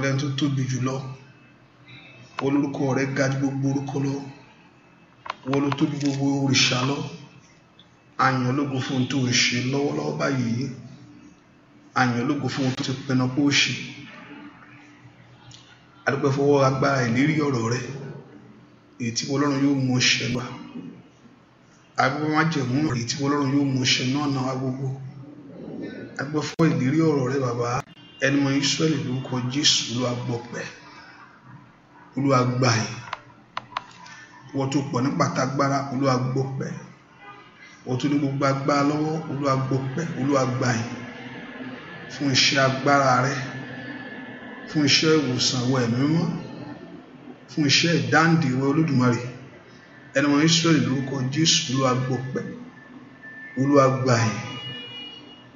ọlẹ́ni tó tóbi jùlọ olórúkọ rẹ ga ju gbogbo orúkọ lọ wọ́n ló tóbi gbogbo òrìṣà lọ àyàn ológo fún ohun tó ń ṣe lọ́wọ́lọ́wọ́ báyìí àyàn ológo fún ohun tó ti pinnu pé ó ṣe adúpẹ́ fọwọ́ agbára ìlérí ọ̀rọ̀ rẹ èyí tí ọlọ́run yóò mú ṣẹ gbà agbẹ́ májẹ̀mú èyí tí ọlọ́run yóò mú ṣẹ náà náà wá gbogbo agbẹ́ ìlérí ọ̀rọ̀ rẹ bàbá ẹnumọ Ísírẹ́lì lórúkọ Jésù Olúwa gbọpẹ́ Olúwa gbàyè wọ́n tó pọ̀ ní pàtàgbára Olúwa gbọpẹ́ wọ́n tó ní gbogbo agbára lọ́wọ́ Olúwa gbọpẹ́ Olúwa gbàyè fún iṣẹ́ agbára rẹ fún iṣẹ́ ìwòsàn wọ ẹ̀mí mọ́ fún iṣẹ́ ìdáǹdè wọ Olódùmarè ẹnumọ Ísírẹ́lì lórúkọ Jésù Olúwa gbọpẹ́ Olúwa gbàyè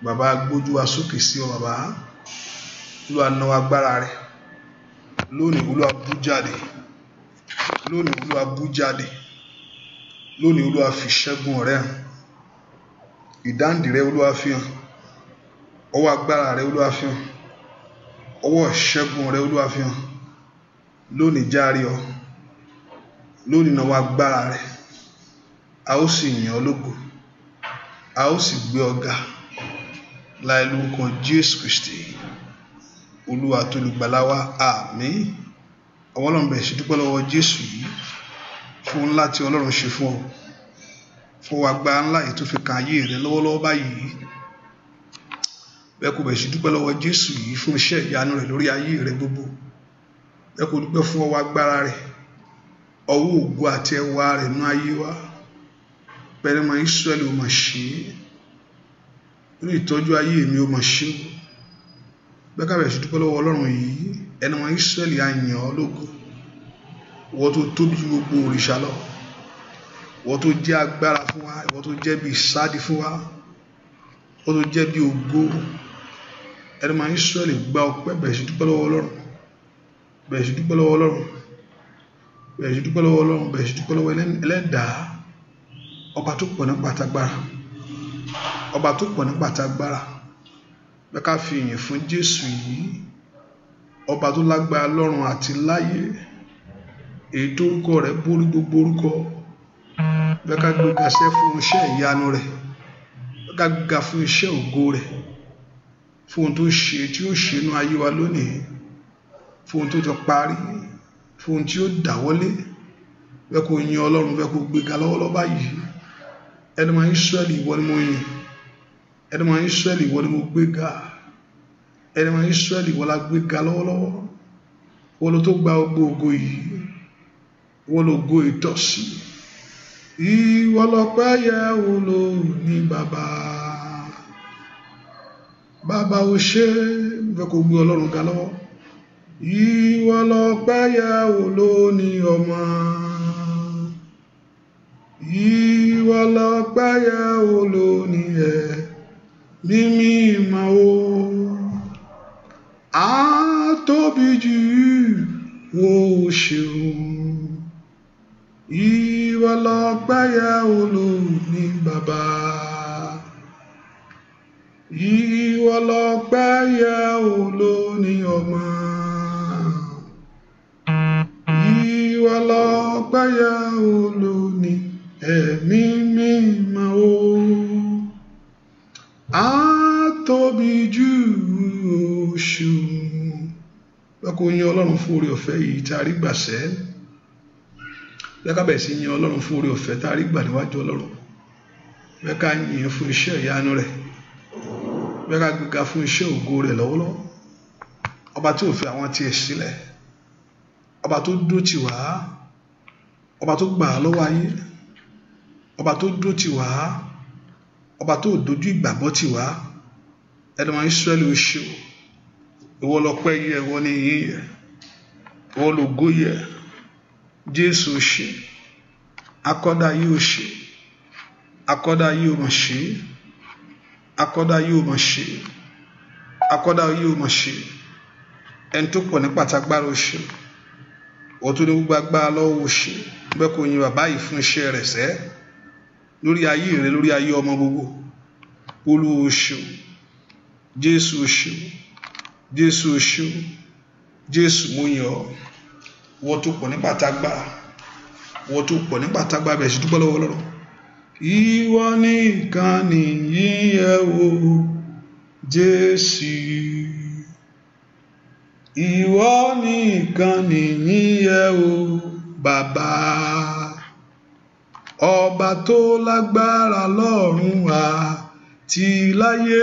bàbá gbójú wa sókè sí ọ bàbá olúwa na agbára rẹ lónìí olúwa bú jáde lónìí olúwa bú jáde lónìí olúwa fi ṣẹ́gun rẹ hàn ìdáǹdì rẹ olúwa fi hàn ọwọ́ agbára rẹ olúwa fi hàn ọwọ́ ṣẹ́gun rẹ olúwa fi hàn lónìí járe ọ lónìí náà wá agbára rẹ a ó sì yìn ọ́ lógo a ó sì gbé ọ ga láì lórúkọ Jésù Kristi olúwa tó lùgbàlà wa àmín àwọn ọlọ́run bẹ̀rẹ̀ sí dúpẹ́ lọ́wọ́ jésù yìí fún ńlá tí ọlọ́run ṣe fún ọ fún wa gba ńlá yìí tó fi kan ayé rẹ lọ́wọ́lọ́wọ́ báyìí bẹ́ẹ̀ kò bẹ̀rẹ̀ sí dúpẹ́ lọ́wọ́ jésù yìí fún iṣẹ́ ìyanu rẹ lórí ayé rẹ gbogbo bẹ́ẹ̀ kò dúpẹ́ fún ọwọ́ agbára rẹ ọwọ́ ògo àti ẹwà rẹ nú ayé wa pẹ̀lú israẹli ò mà ṣe é nínú ìtọ́jú ayé mi ò mà ṣe é gbẹ́kàbẹ̀ sí dúpẹ́ lọ́wọ́ ọlọ́run yìí ẹni wọn Ísírẹ́lì á yìn ọ́ lógo ìwọ tó tóbi ju gbogbo òrìṣà lọ ìwọ tó jẹ́ agbára fún wa ìwọ tó jẹ́ bí ìsádi fún wa ìwọ tó jẹ́ bí ògo ẹni wọn Ísírẹ́lì gba ọpẹ́ bẹ̀rẹ̀ sí dúpẹ́ lọ́wọ́ ọlọ́run bẹ̀rẹ̀ sí dúpẹ́ lọ́wọ́ ọlọ́run bẹ̀rẹ̀ sí dúpẹ́ lọ́wọ́ ọlọ́run bẹ̀rẹ̀ sí dúpẹ́ lọ́wọ́ ẹlẹ́dàá ọba pé ká fi ìyìn fún Jésù yìí ọba tó lágbára lọ́run àti láyé èyí tó orúkọ rẹ̀ borí gbogbo orúkọ pé ká gbéga sẹ́ fún iṣẹ́ ìyanu rẹ̀ pé ká gbéga fún iṣẹ́ ògo rẹ̀ fún ohun tó ṣe tí ó ṣe inú ayé wa lónìí fún ohun tó ti parí fún ohun tí ó dáwọ́lé pé kó yin Ọlọ́run pé kó gbéga lọ́wọ́lọ́wọ́ báyìí ẹni máa ń sọ ẹni ìwọ ni mo yìn ẹni mọ Ísírẹ́lì wọ́n ni mo gbé ga ẹni mọ Ísírẹ́lì wọ́n la gbé ga lọ́wọ́lọ́wọ́ wọ́n ló tó gba gbogbo ògo yìí wọ́n ló go ìtọ́sí ìwọ lọ́pẹ́ yẹ wọ́n lò ní bàbá bàbá o ṣe fẹ́ kó gbé ọlọ́run ga lọ́wọ́ ìwọ lọ́pẹ́ yẹ wọ́n lò ní ọmọ ìwọ lọ́pẹ́ yẹ wọ́n lò ní ẹ̀ mímímọ́ o á tóbi jù wò ó ṣeun ìwọ lọgbàyà olóòní bàbá ìwọ lọgbàyà olóòní ọmọ ìwọ lọgbàyà olóòní ẹ̀mí. á tóbi jù òṣùwọ̀n bẹ́ẹ̀ kó yín ọlọ́run fún oore ọ̀fẹ́ yìí tá a rí gbàṣẹ́ lẹ́kàbẹ̀ sí yín ọlọ́run fún oore ọ̀fẹ́ tá a rí gbà níwájú ọlọ́run bẹ́ẹ̀ ká fún iṣẹ́ ìyanu rẹ̀ bẹ́ẹ̀ ká fún iṣẹ́ ògo rẹ̀ lọ́wọ́lọ́wọ́ ọba tí ò fi àwọn tiẹ̀ sílẹ̀ ọba tó dúró tì wá ọba tó gbà á lọ́wọ́ ayé ọba tó dúró tì wá ọba tó dojú ìgbàgbọ́ tì wá ẹnìmọ̀ ìsírẹ́lì oṣù ìwọ lọ́pẹ́ yẹ ìwọ ní yín yẹ ìwọ lògó yẹ jésù oṣù akọ́dá yìí oṣù akọ́dá yìí ò mọ̀ ṣe akọ́dá yìí ò mọ̀ ṣe akọ́dá yìí ò mọ̀ ṣe ẹni tó pọ̀ ní pàtàgbára oṣù ọ̀tún ní gbogbo agbára lọ́wọ́ oṣù bẹ́ẹ̀ kò yin bàbá yìí fún iṣẹ́ rẹ̀ sẹ́ẹ́ lórí ayé rẹ lórí ayé ọmọ gbogbo olú oṣù jésù oṣù jésù oṣù jésù mo yàn ọ́ wọ́n tó pọ̀ nígbà tá a wọ́n tó pọ̀ nígbà bẹ̀rẹ̀ sí dúpẹ́ lọ́wọ́ lọ́rọ̀ ìwọ nìkan nìyí ẹ o jésù ìwọ nìkan nìyí ẹ o bàbá ọba tó lágbára lọ́run àti láyé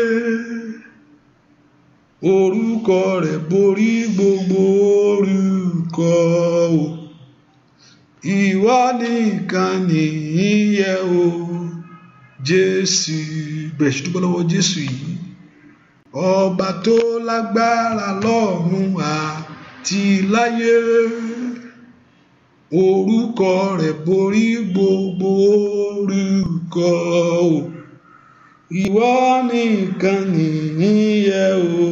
orúkọ rẹ̀ borí gbogbo orúkọ o ìwọ nìkan nìyí yẹ o jésù bẹ̀rẹ̀ sí dúpẹ́ lọ́wọ́ jésù yìí ọba tó lágbára lọ́run àti láyé orúkọ rẹ̀ borí gbogbo orúkọ o ìwọ nìkan nìyí yẹ o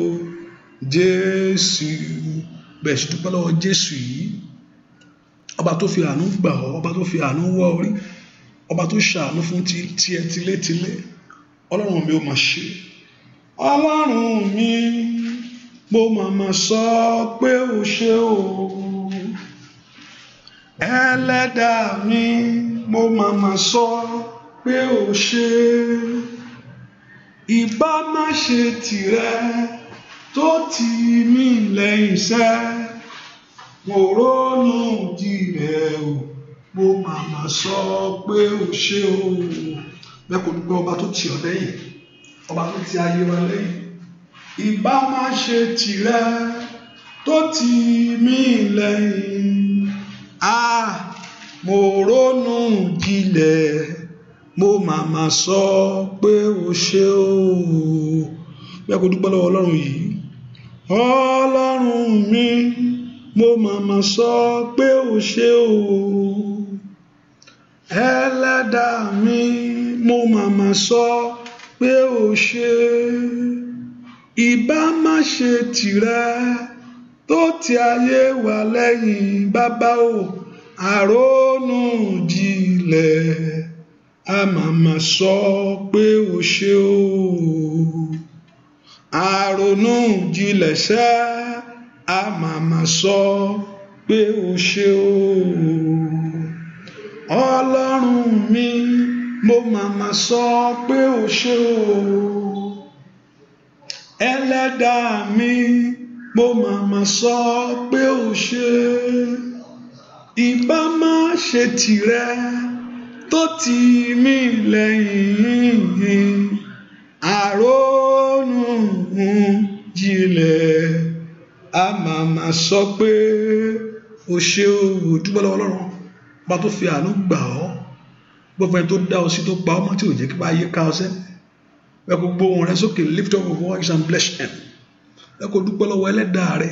jésù bẹ́ẹ̀ ṣe dúpẹ́ lọ́wọ́ jésù yìí ọba tó fi àánú gbà ọ́ ọba tó fi àánú wọ́ orí ọba tó ṣàánú fún tiẹ̀ tilétilé ọlọ́run mi ò mà ṣe ọlọ́run mi mo mà mà sọ pé o ṣe o ẹlẹ́dàá mi mo màmá sọ pé ó ṣe ìbá má ṣe tìrẹ tó tì mí lẹ́yìn sẹ́ mo rónú jìrẹ̀ o mo màmá sọ pé ó ṣe o bẹ́ẹ̀ kò dúpẹ́ ọba tó tì ọ́ lẹ́yìn ọba tó ti ayé wa lẹ́yìn ìbá má ṣe tìrẹ tó tì mí lẹ́yìn. A mo ronú jinlẹ̀ mo màmá sọ pé o ṣé o bí a kò dúpẹ́ lọ́wọ́ ọlọ́run yìí ọlọ́run mi mo màmá sọ pé o ṣé o ẹlẹ́dàá mi mo màmá sọ pé o ṣé ìbá má ṣe tìrẹ tó ti ayé wa lẹ́yìn bàbá o àrónú jinlẹ̀ a màmá sọ pé o ṣe o àrónú jinlẹ̀ ṣẹ́ a màmá sọ pé o ṣe o ọlọ́run mi mo màmá sọ pé o ṣe o ẹlẹ́dàá mi mo màmá sọ pé ò ṣe ìbá má ṣe tìrẹ tó tì mí lẹ́yìn àrònú jinlẹ̀ a màmá sọ pé ò ṣe òwò dúpẹ́ lọ́wọ́ Ọlọ́run bá tó fi àánú gbà ọ́ gbogbo ẹni tó dá ọ sí tó pa ọmọ tí ò jẹ́ kí bá yé ká ọ sẹ́ ẹ gbogbo ohùn rẹ sókè lift up your voice and bless him ẹ kò dúpẹ́ lọ́wọ́ ẹlẹ́dàá rẹ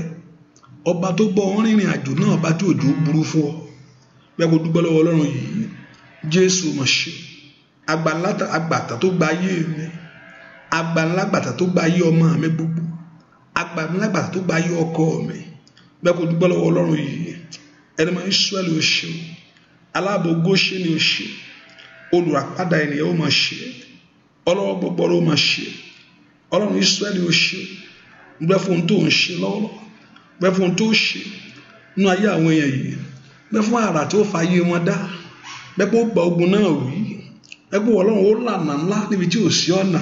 ọba tó bọ́ ọ rìnrìn àjò náà bá tí òjò burú fún ọ ẹ kò dúpẹ́ lọ́wọ́ ọlọ́run yìí jésù mọ̀ṣẹ́ agbàtà tó gba ayé mi agbàlágbàtà tó gba ayé ọmọ mi gbogbo agbàlágbàtà tó gba ayé ọkọ mi ẹ kò dúpẹ́ lọ́wọ́ ọlọ́run yìí ẹni máa ń sọ́ọ̀lì ṣe o aláàbò góṣe ni ó ṣe olùràpadà ènìyàn ó máa ṣe ọlọ́wọ́ gbọ́gbọ́rọ́ ó máa ṣe ọlọ́run Ísírẹ́lì ó ṣe o mo fẹ́ fún ohun tó ń ṣe lọ́wọ́lọ́wọ́ mo fẹ́ fún ohun tó ṣe nínú ayé àwọn èèyàn yìí mo fẹ́ fún àrà tó fa ayé wọn dá mo fẹ́ kó gba ogun náà wí mo fẹ́ kó ọlọ́run ó lànà ńlá níbi tí ò sí ọ̀nà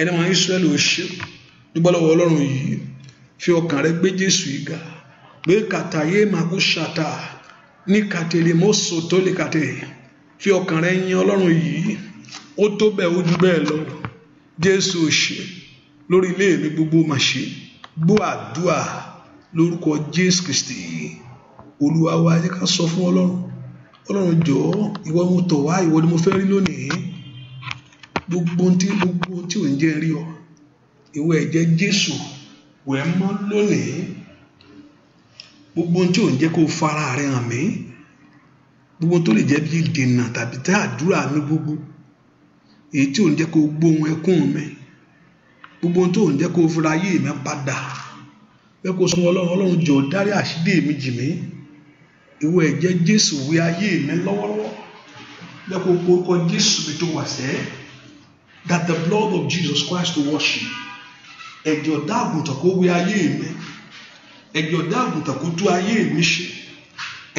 ẹni wọn Ísírẹ́lì ò ṣe dúpẹ́ lọ́wọ́ ọlọ́run yìí fi ọkàn rẹ gbé Jésù yìí gbé kàtà yé màkú ṣàtà ní kàtẹ́lì mọ́sọ̀ tó lè kàtẹ́ fi ọkàn rẹ yin ọlọ́run yìí ó tó bẹ́ẹ̀ ó ju bẹ́ẹ̀ lọ Jésù ò ṣe lórí ilé mi gbogbo mà ṣe gbọ́ àdúà lórúkọ Jésù Kristi olúwa wa jẹ́ ká sọ fún ọlọ́run ọlọ́run jọ̀ọ́ ìwọ mo tọ̀ wá ìwọ ni mo fẹ́ rí lónìí gbogbo tí gbogbo tí ò ń jẹ́ rí ọ ìwọ ẹ̀jẹ̀ Jésù wẹ̀ mọ́ lónìí gbogbo tí ò ń jẹ́ kó fara rẹ hàn mí gbogbo tó lè jẹ́ bí ìdènà tàbí tá àdúrà mi gbogbo èyí tí ò ń jẹ́ kó gbóhùn ẹkún mi gbogbo ohun tó ń jẹ́ kó o fura ayé mi padà bẹ́ kó o sọ ọlọ́run ọlọ́run jọ dárí àṣídé mi jì mí ìwọ ẹ̀jẹ̀ jésù wí ayé mi lọ́wọ́lọ́wọ́ bẹ́ kó o kó kọ jésù mi tó wà sẹ́ that the blood of Jesus Christ to wash you ẹ̀jẹ̀ ọ̀dá àgùntàn kó wí ayé mi ẹ̀jẹ̀ ọ̀dá àgùntàn kó tú ayé mi ṣe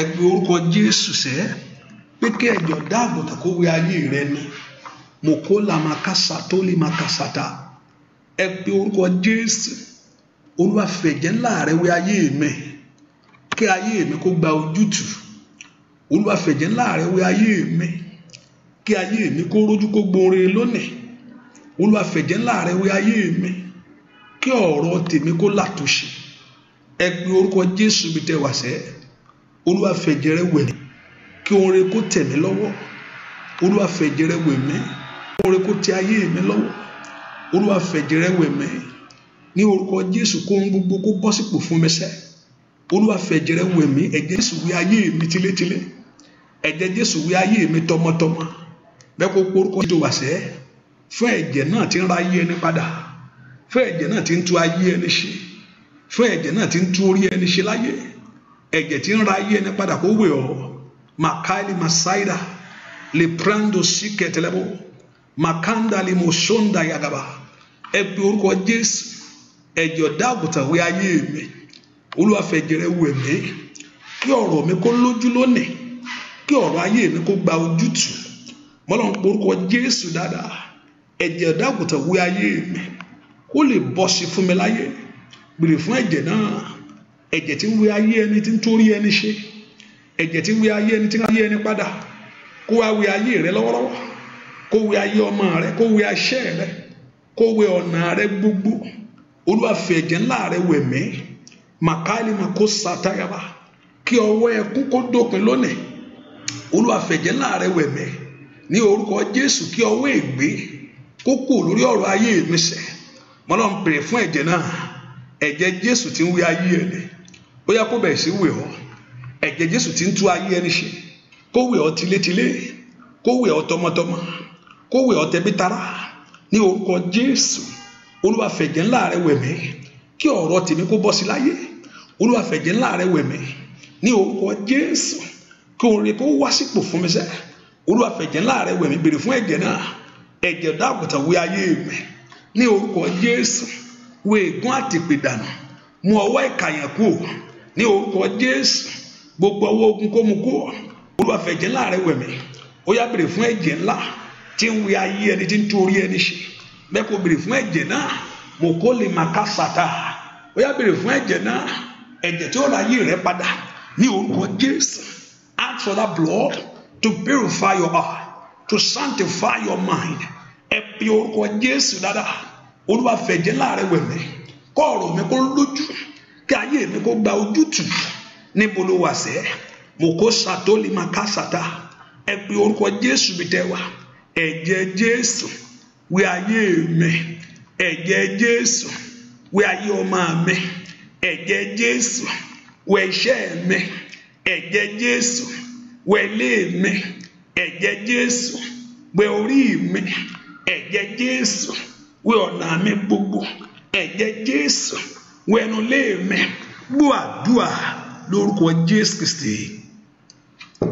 ẹgbẹ́ orúkọ jésù sẹ́ pé kí ẹ̀jẹ̀ ọ̀dá àgùntàn kó wí ayé rẹ ni mo kó làmàkàsà tó lè màkàsàtà ẹ pe orúkọ jésù olúwa fẹ̀jẹ̀ ńlá rẹ wẹ ayé mi kí ayé mi kó gba ojútùú olúwa fẹ̀jẹ̀ ńlá rẹ wẹ ayé mi kí ayé mi kó rójú kó gbore lónìí olúwa fẹ̀jẹ̀ ńlá rẹ wẹ ayé mi kí ọ̀rọ̀ tèmi kó làtúnṣe ẹ pe orúkọ jésù bí tẹ wà sẹ́ olúwa rẹ wẹ̀ kí oore kó tẹ̀ mí lọ́wọ́ olúwa rẹ wẹ̀ mí oore kó tẹ̀ ayé mi lọ́wọ́ olúwa fẹ̀jẹ̀ rẹ wẹ̀ mí ní orúkọ jésù kó ń gbogbo kó bọ́ sípò fún mi sẹ́ olúwa fẹ̀jẹ̀ rẹ wẹ̀ mí ẹ̀jẹ̀ jésù wẹ̀ ayé mi tilétilé ẹ̀jẹ̀ jésù wẹ̀ ayé mi tọmọtọmọ bẹ́ẹ̀ kó porúkọ jésù wà sẹ́ fún ẹ̀jẹ̀ náà ti ń ra ayé ẹni padà fún ẹ̀jẹ̀ náà ti ń tú ayé ẹni ṣe fún ẹ̀jẹ̀ náà ti ń tú orí ẹni ṣe láyé ẹ̀jẹ̀ ti ń ra ayé ẹni padà kó wẹ̀ ọ́ makaeli masaida le prando sikẹtẹlẹbo makanda le mosonda yagaba ẹ pe orúkọ jésù ẹ̀jẹ̀ ọ̀dá àgùntàn wẹ ayé mi olúwa fẹ̀jẹ̀ rẹ wẹ̀ mí kí ọ̀rọ̀ mi kó lójú lónìí kí ọ̀rọ̀ ayé mi kó gba ojútùú mọ́lọ́n pe orúkọ jésù dáadáa ẹ̀jẹ̀ ọ̀dá àgùntàn wẹ ayé mi kó lè bọ́sí fún mi láyé gbèrè fún ẹ̀jẹ̀ náà ẹ̀jẹ̀ tí ń wẹ ayé ẹni tí ń torí ẹni ṣe ẹ̀jẹ̀ tí ń wẹ ayé ẹni tí ń ayé ẹni padà kó wá wẹ ayé rẹ lọ́wọ́lọ́wọ́ kó wẹ ayé ọmọ rẹ kó wẹ aṣẹ́ rẹ kó wẹ ọ̀nà rẹ gbogbo olúwa ẹ̀jẹ̀ ńlá rẹ wẹ̀ kó sàtáyàbá kí ọwọ́ ẹkún kó dópin lónìí olúwa ẹ̀jẹ̀ ńlá rẹ wẹ̀ ní orúkọ jésù kí ọwọ́ ègbé kó lórí ọ̀rọ̀ ayé mi sẹ̀ pèrè fún ẹ̀jẹ̀ náà ẹ̀jẹ̀ jésù ti ń wí ayé ẹ̀ ó kó bẹ̀rẹ̀ sí wẹ̀ ti ń tú ayé ẹni ṣe kó wẹ̀ ọ́ tilétilé tọmọtọmọ kó wẹ̀ ọ́ ní orúkọ jésù olúwa fẹ̀jẹ̀ ńlá rẹ wẹ̀mí kí ọ̀rọ̀ tèmi kó bọ́ sí láyé olúwa fẹ̀jẹ̀ ńlá rẹ wẹ̀mí ní orúkọ jésù kí orin kó wá sípò fún mi sẹ́ olúwa fẹ̀jẹ̀ ńlá rẹ wẹ̀mí béèrè fún ẹ̀jẹ̀ náà ẹ̀jẹ̀ dáàbòtà wí ayé mi ní orúkọ jésù wé ègún àtìpè dànù mú ọwọ́ ìkàyàn kú ní orúkọ jésù gbogbo ọwọ́ ogun kó mu kú olúwa ńlá rẹ wẹ̀mí ó yá béèrè fún ẹ̀jẹ̀ ńlá tí ń wí ayé ẹni tí ń torí ẹni ṣe bẹ́ẹ̀ kò béèrè fún ẹ̀jẹ̀ náà mo kó lè má ká sàtà ó yá béèrè fún ẹ̀jẹ̀ náà ẹ̀jẹ̀ tí ó ra ayé rẹ padà ní orúkọ Jésù ask for that blood to purify your heart to sanctify your mind ẹ pe orúkọ Jésù dáadáa Olúwa fẹ̀jẹ̀ láàrẹ̀ wẹ̀mẹ̀ kọ́ ọ̀rọ̀ mi kó lójú kí ayé mi kó gba ojútùú níbo ló wà sẹ́ mo kó sàtó lè má ká sàtà ẹ pe orúkọ Jésù mi tẹ́ wa ẹ̀jẹ̀ Jésù wẹ ayé mi ẹ̀jẹ̀ Jésù wẹ ayé ọmọ mi ẹ̀jẹ̀ Jésù wẹ iṣẹ́ mi ẹ̀jẹ̀ Jésù wẹ ilé mi ẹ̀jẹ̀ Jésù wẹ orí mi ẹ̀jẹ̀ Jésù wẹ ọ̀nà mi gbogbo ẹ̀jẹ̀ Jésù wẹ ẹnu ilé mi gbọ́ àdúrà lórúkọ Jésù Kristi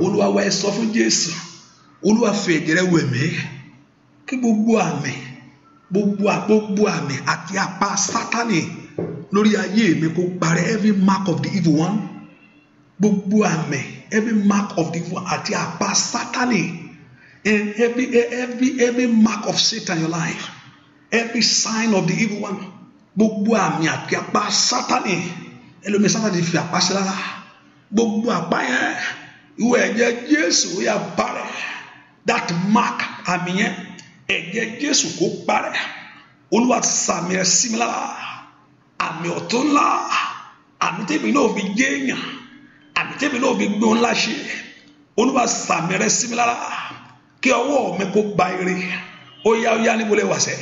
Olúwa wa ẹ sọ fún Jésù olúwa fi ẹ̀jẹ̀ rẹ wẹ̀ mí kí gbogbo àmì gbogbo gbogbo àmì àti apá sátani lórí ayé mi kó parẹ́ every mark of the evil one gbogbo àmì every mark of the evil one àti apá sátani and every every every mark of Satan in your life every sign of the evil one gbogbo àmì àti apá sátani ẹlòmí sátani fi apá sí lára gbogbo apá yẹn ìwé ẹ̀jẹ̀ Jésù ó yà parẹ́ that mark àmì yẹn ẹ̀jẹ̀ Jésù kó parẹ́ Olúwa ti sàmì ẹ̀ sí mi lára àmì ọ̀tún ńlá àmì tèmi náà fi jẹ́ èèyàn àmì tèmi náà fi gbé ńlá ṣe Olúwa sàmì rẹ̀ sí mi lára kí ọwọ́ mi kó gba ire ó yá ó yá níbo lè wà sẹ́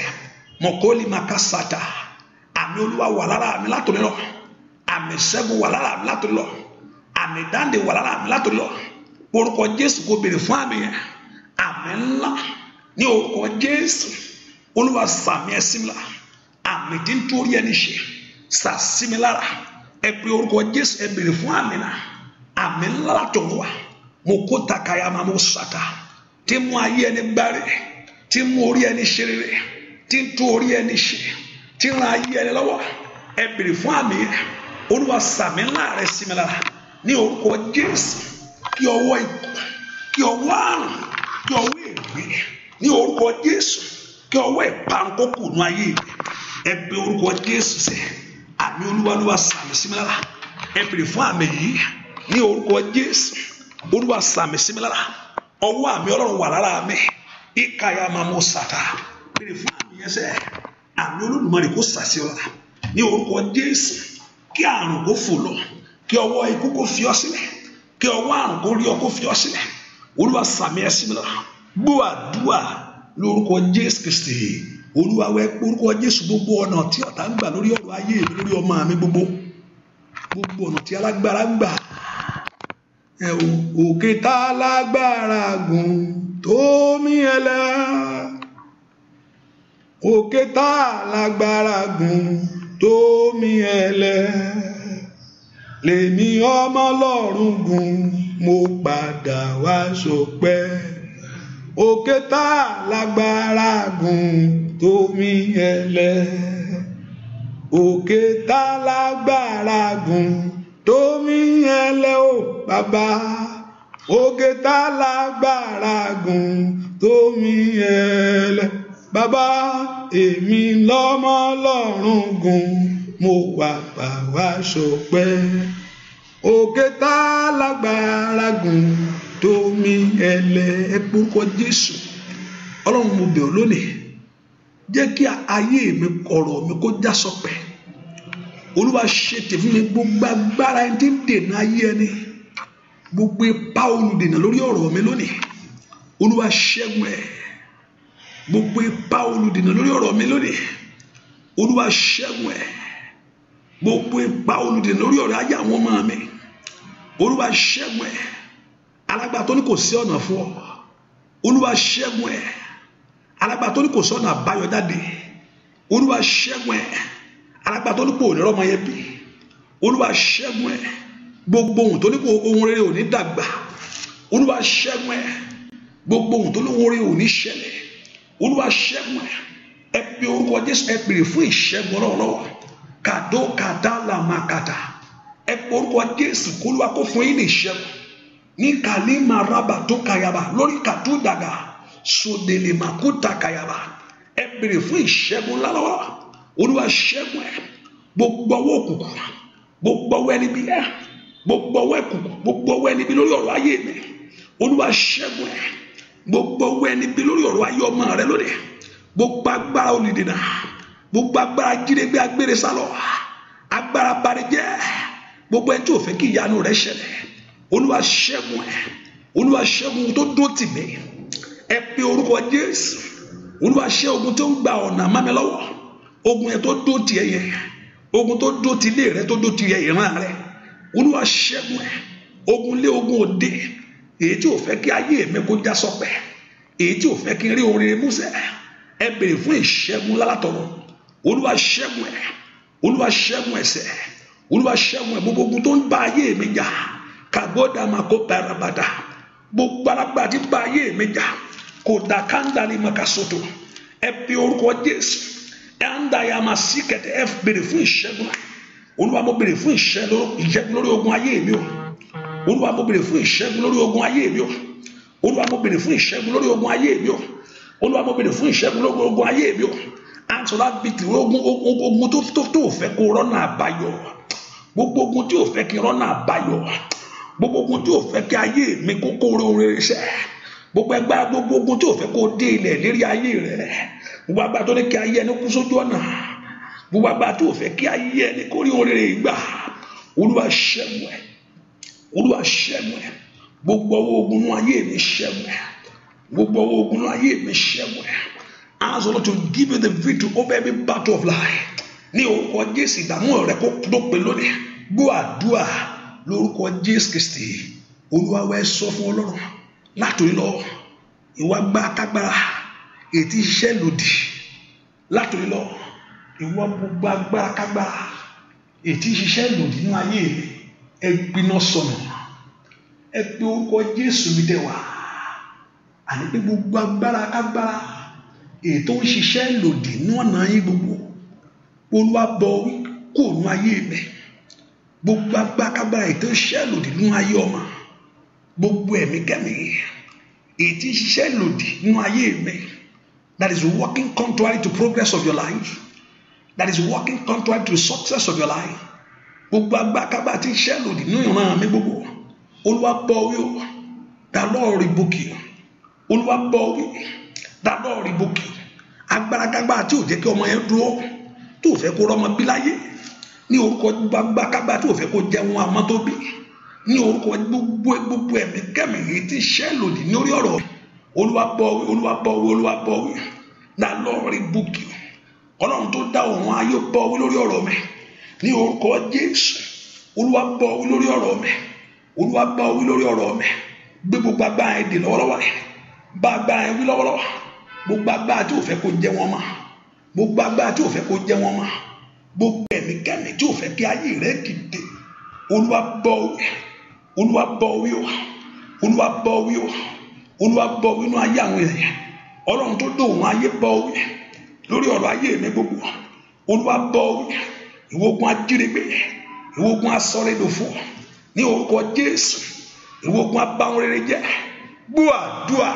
mọ̀kólì máa ká sàtà àmì Olúwa wà lára àmì látòlè lọ àmì ṣẹ́gun wà lára àmì látòlè lọ àmì dáǹdè wà lára àmì látòlè lọ orúkọ Jésù kò béèrè fún àmì yẹn àmì ńlá ní orúkọ Jésù olúwa sàmì ẹsìn la àmì tí ń torí ẹni ṣe sàsími lára ẹ pé orúkọ Jésù ẹ bèrè fún àmì náà àmì ńlá látọ̀rọ̀ wa mo kó takaya máa mo sàkà tí mú ayé ẹni gbáre tí mú orí ẹni ṣe rere tí ń tó ẹni ṣe tí ń ran ayé ẹni lọ́wọ́ ẹ bèrè fún àmì rẹ olúwa sàmì ńlá rẹ sí lára ní orúkọ Jésù kí ọwọ́ ikú kí ọwọ́ àrùn kí ọwọ́ ègbé ní orúkọ Jésù kí ọwọ́ ìparun kó kùnú ayé rẹ ẹgbẹ́ orúkọ Jésù sẹ àmì olúwalúwa sàmì sí mi lára ẹ bèrè fún àmì yìí ní orúkọ Jésù olúwa sàmì sí mi lára ọwọ́ àmì ọlọ́run wà lára mi ìkàyà máa mú sàtà bèrè fún àmì yẹn sẹ àmì olódùmarè kó sàṣẹ ọ̀la ní orúkọ Jésù kí àrùn kó fò lọ kí ọwọ́ ikú kó fi ọ sílẹ̀ kí ọwọ́ àrùn kó rí ọ kó fi ọ sílẹ̀ olúwa sàmì ẹsìn mi náà gbọ́ àdúrà lórúkọ jésù kristi olúwa wẹ orúkọ jésù gbogbo ọ̀nà tí ọ̀tá ń gbà lórí ọ̀rọ̀ ayé mi lórí ọmọ mi gbogbo gbogbo ọ̀nà tí alágbára ń gbà òkè tá a gùn tó mí ẹlẹ òkè tá a gùn tó mí ẹlẹ lèmi ọmọ ọlọ́run gùn mo padà wá sọpẹ́ òkè tá lágbára gùn tómi ẹlẹ́ òkè tá lágbára gùn tómi ẹlẹ́ ò bàbá òkè tá lágbára gùn tómi ẹlẹ́ bàbá èmi lọ́mọ lọ́rùn gùn mo wà wá sọpẹ́ òkè tá lágbára gùn tómi ẹlẹ ẹ porúkọ Jésù Ọlọ́run mo bẹ̀ ọ́ lónìí jẹ́ kí ayé mi ọ̀rọ̀ mi kó já sọpẹ́ Olúwa ṣètè fún mi gbogbo agbára ẹni tí ń dènà ayé ẹni gbogbo ipa olùdènà lórí ọ̀rọ̀ mi lónìí Olúwa ṣẹ́gun ẹ̀ gbogbo ipa olùdènà lórí ọ̀rọ̀ mi lónìí Olúwa ṣẹ́gun ẹ̀ gbogbo ipa olùdènà lórí ọ̀rọ̀ ayé àwọn ọmọ mi olúwa ṣẹ́gun ẹ̀ alágbára tó ní kò sí ọ̀nà fún ọ olúwa ṣẹ́gun ẹ̀ alágbára tó ní kò sí ọ̀nà àbáyọ jáde olúwa ṣẹ́gun ẹ̀ alágbára tó ní kò ní rọ́mọ yẹn bí olúwa ṣẹ́gun ẹ̀ gbogbo ohun tó ní kò ohun rere ò ní dàgbà olúwa ṣẹ́gun ẹ̀ gbogbo ohun tó ní ohun rere ò ní ṣẹlẹ̀ olúwa ṣẹ́gun ẹ̀ ẹ pe orúkọ jésù ẹ pèrè fún ìṣẹ́gun ọlọ́ọ̀lọ́wọ́ kàdó kàdá làmàkàdá ẹ porúkọ jésù kólúwa kó fún yín lè ṣe ní kàlímà rábà tó kàyàbà lórí kàtú dàgà sòdèlè màkúta kàyàbà ẹ bèrè fún ìṣẹ́gun lálọ́wọ́ olúwa ṣẹ́gun ẹ gbogbo ọwọ́ òkùnkùn gbogbo ọwọ́ ẹni bí ẹ gbogbo ọwọ́ ẹkùnkùn gbogbo ọwọ́ ẹni bí lórí ọ̀rọ̀ ayé mi olúwa ṣẹ́gun ẹ gbogbo ọwọ́ ẹni bí lórí ọ̀rọ̀ ayé ọmọ rẹ lónìí gbogbo agbára olùdènà gbogbo agbára jídégbé agbére sálọ agbára barijẹ́ gbogbo ẹni tí ò fẹ́ kí ìyanu rẹ ṣẹlẹ̀ olúwa ṣẹ́gun ẹ̀ olúwa ṣẹ́gun tó dó tì ẹ pe orúkọ jésù olúwa ṣẹ́ ogun tó ń gba ọ̀nà má lọ́wọ́ ogun yẹn tó dó tì yẹn ogun tó dó ti ilé rẹ tó dó ti ìran rẹ olúwa ṣẹ́gun ẹ̀ ogun lé ogun òde èyí tí ò fẹ́ kí ayé mi kó já sọpẹ́ èyí tí ò fẹ́ kí n rí orin músẹ́ ẹ béèrè fún ìṣẹ́gun lálátọ̀rọ̀ olúwa ṣẹ́gun ẹ̀ olúwa ṣẹ́gun ẹ̀ṣẹ̀ olúwa ṣẹ́gun ẹ̀ gbogbo ogun tó ń bá ayé mi jà kàgbọ́dà máa kó barabada gbogbo alágbà tí bá ayé mi jà kò dà káńdà ní makasoto ẹ fi orúkọ jésù ẹ ń da ya máa sí kẹtẹ ẹ béèrè fún ìṣẹ́gun olúwa mo béèrè fún ìṣẹ́gun lórí ogun ayé mi o olúwa mo béèrè fún ìṣẹ́gun lórí ogun ayé mi o olúwa mo béèrè fún ìṣẹ́gun lórí ogun ayé mi o olúwa mo béèrè fún ìṣẹ́gun lórí ogun ayé mi o àtúntò bìtì ogun tó fẹ́ kó rọ́nà àbáyọ gbogbo ogun tí ò fẹ́ kí rọ́nà àbáyọ gbogbo ogun tí ò fẹ́ kí ayé mi kókó rere ṣẹ gbogbo ẹgbẹ́ gbogbo ogun tí ò fẹ́ kó dé ilẹ̀ lérí ayé rẹ gbogbo agbára tó ní kí ayé ẹni kú sójú ọ̀nà gbogbo agbára tó fẹ́ kí ayé ẹni kó rí oríire ìgbà olúwa ṣẹ́gun olúwa ṣẹ́gun gbogbo ọwọ́ ogun nú ayé mi ṣẹ́gun ẹ̀ gbogbo ọwọ́ ogun nú ayé mi ṣẹ́gun ẹ̀ ask the Lord to give you the victory over every battle of life ní orúkọ jésù ìdààmú rẹ kó dópin lónìí gbọ́ àdúrà lórúkọ jésù kristi olúwawa ẹ sọ fún ọlọ́run látòrí lọ ìwà gbá kágbára ètí iṣẹ́ lòdì látòrí lọ ìwà gbogbo agbára kágbára ètí iṣẹ́ lòdì nínú ayé mi ẹ gbiná sọnù ẹ pé orúkọ jésù mi dẹ àní pé gbogbo agbára kágbára ètò ń ṣiṣẹ́ lòdì ní ọ̀nà yín gbogbo olúwa bọ̀ wí kò nu ayé mi gbogbo agbákágbára ètò iṣẹ́ lòdì nú ayé ọmọ gbogbo ẹ̀mí kẹ́mi ètò iṣẹ́ lòdì nú ayé mi that is working contrary to progress of your life that is working contrary to success of your life gbogbo agbákágbára ti iṣẹ́ lòdì nú ìran mi gbogbo olúwa bọ̀ wí o dá lọ́ọ̀rì bókì olúwa bọ̀ wí dá lọ́ọ̀rì bókì agbára kágbára tí ò ọmọ yẹn dúró tó fẹ́ kó rọ́mọ bí láyé ní orúkọ gbàgbàkágbà tó fẹ́ kó jẹun àmọ́ tó bí ní orúkọ gbogbo gbogbo ẹ̀mí kẹ́mí èyí tí ṣẹ́ lòdì ní orí ọ̀rọ̀ olúwàbọ̀wé olúwàbọ̀wé olúwàbọ̀wé na lọ́ọ̀rì búkì ọlọ́run tó dá òun ayé bọ̀wé lórí ọ̀rọ̀ mi ní orúkọ jésù olúwàbọ̀wé lórí ọ̀rọ̀ mi olúwàbọ̀wé lórí ọ̀rọ̀ mi gbé gbogbo agbára ẹ̀ dè lọ́wọ́lọ́wọ́ bá agbára ẹ̀ wí lọ́wọ́lọ́wọ́ gbogbo agbára tí ò fẹ́ kó jẹ wọn mọ́ gbogbo agbára tí ò fẹ́ kó jẹ́ wọn mọ́ gbogbo ẹ̀míkẹ́mí tí ò fẹ́ kí ayé rẹ dìde olúwa bọ́ wí olúwa bọ́ o olúwa bọ́ o olúwa bọ́ wí inú ayé àwọn èèyàn ọlọ́run tó dòun ayé bọ́ wí lórí ọ̀rọ̀ ayé mi gbogbo olúwa bọ́ wí ìwógun ajírégbé ìwógun asọ́rẹ́dòfò ní orúkọ jésù ìwógun abáwọn rere jẹ́ gbọ́ àdúrà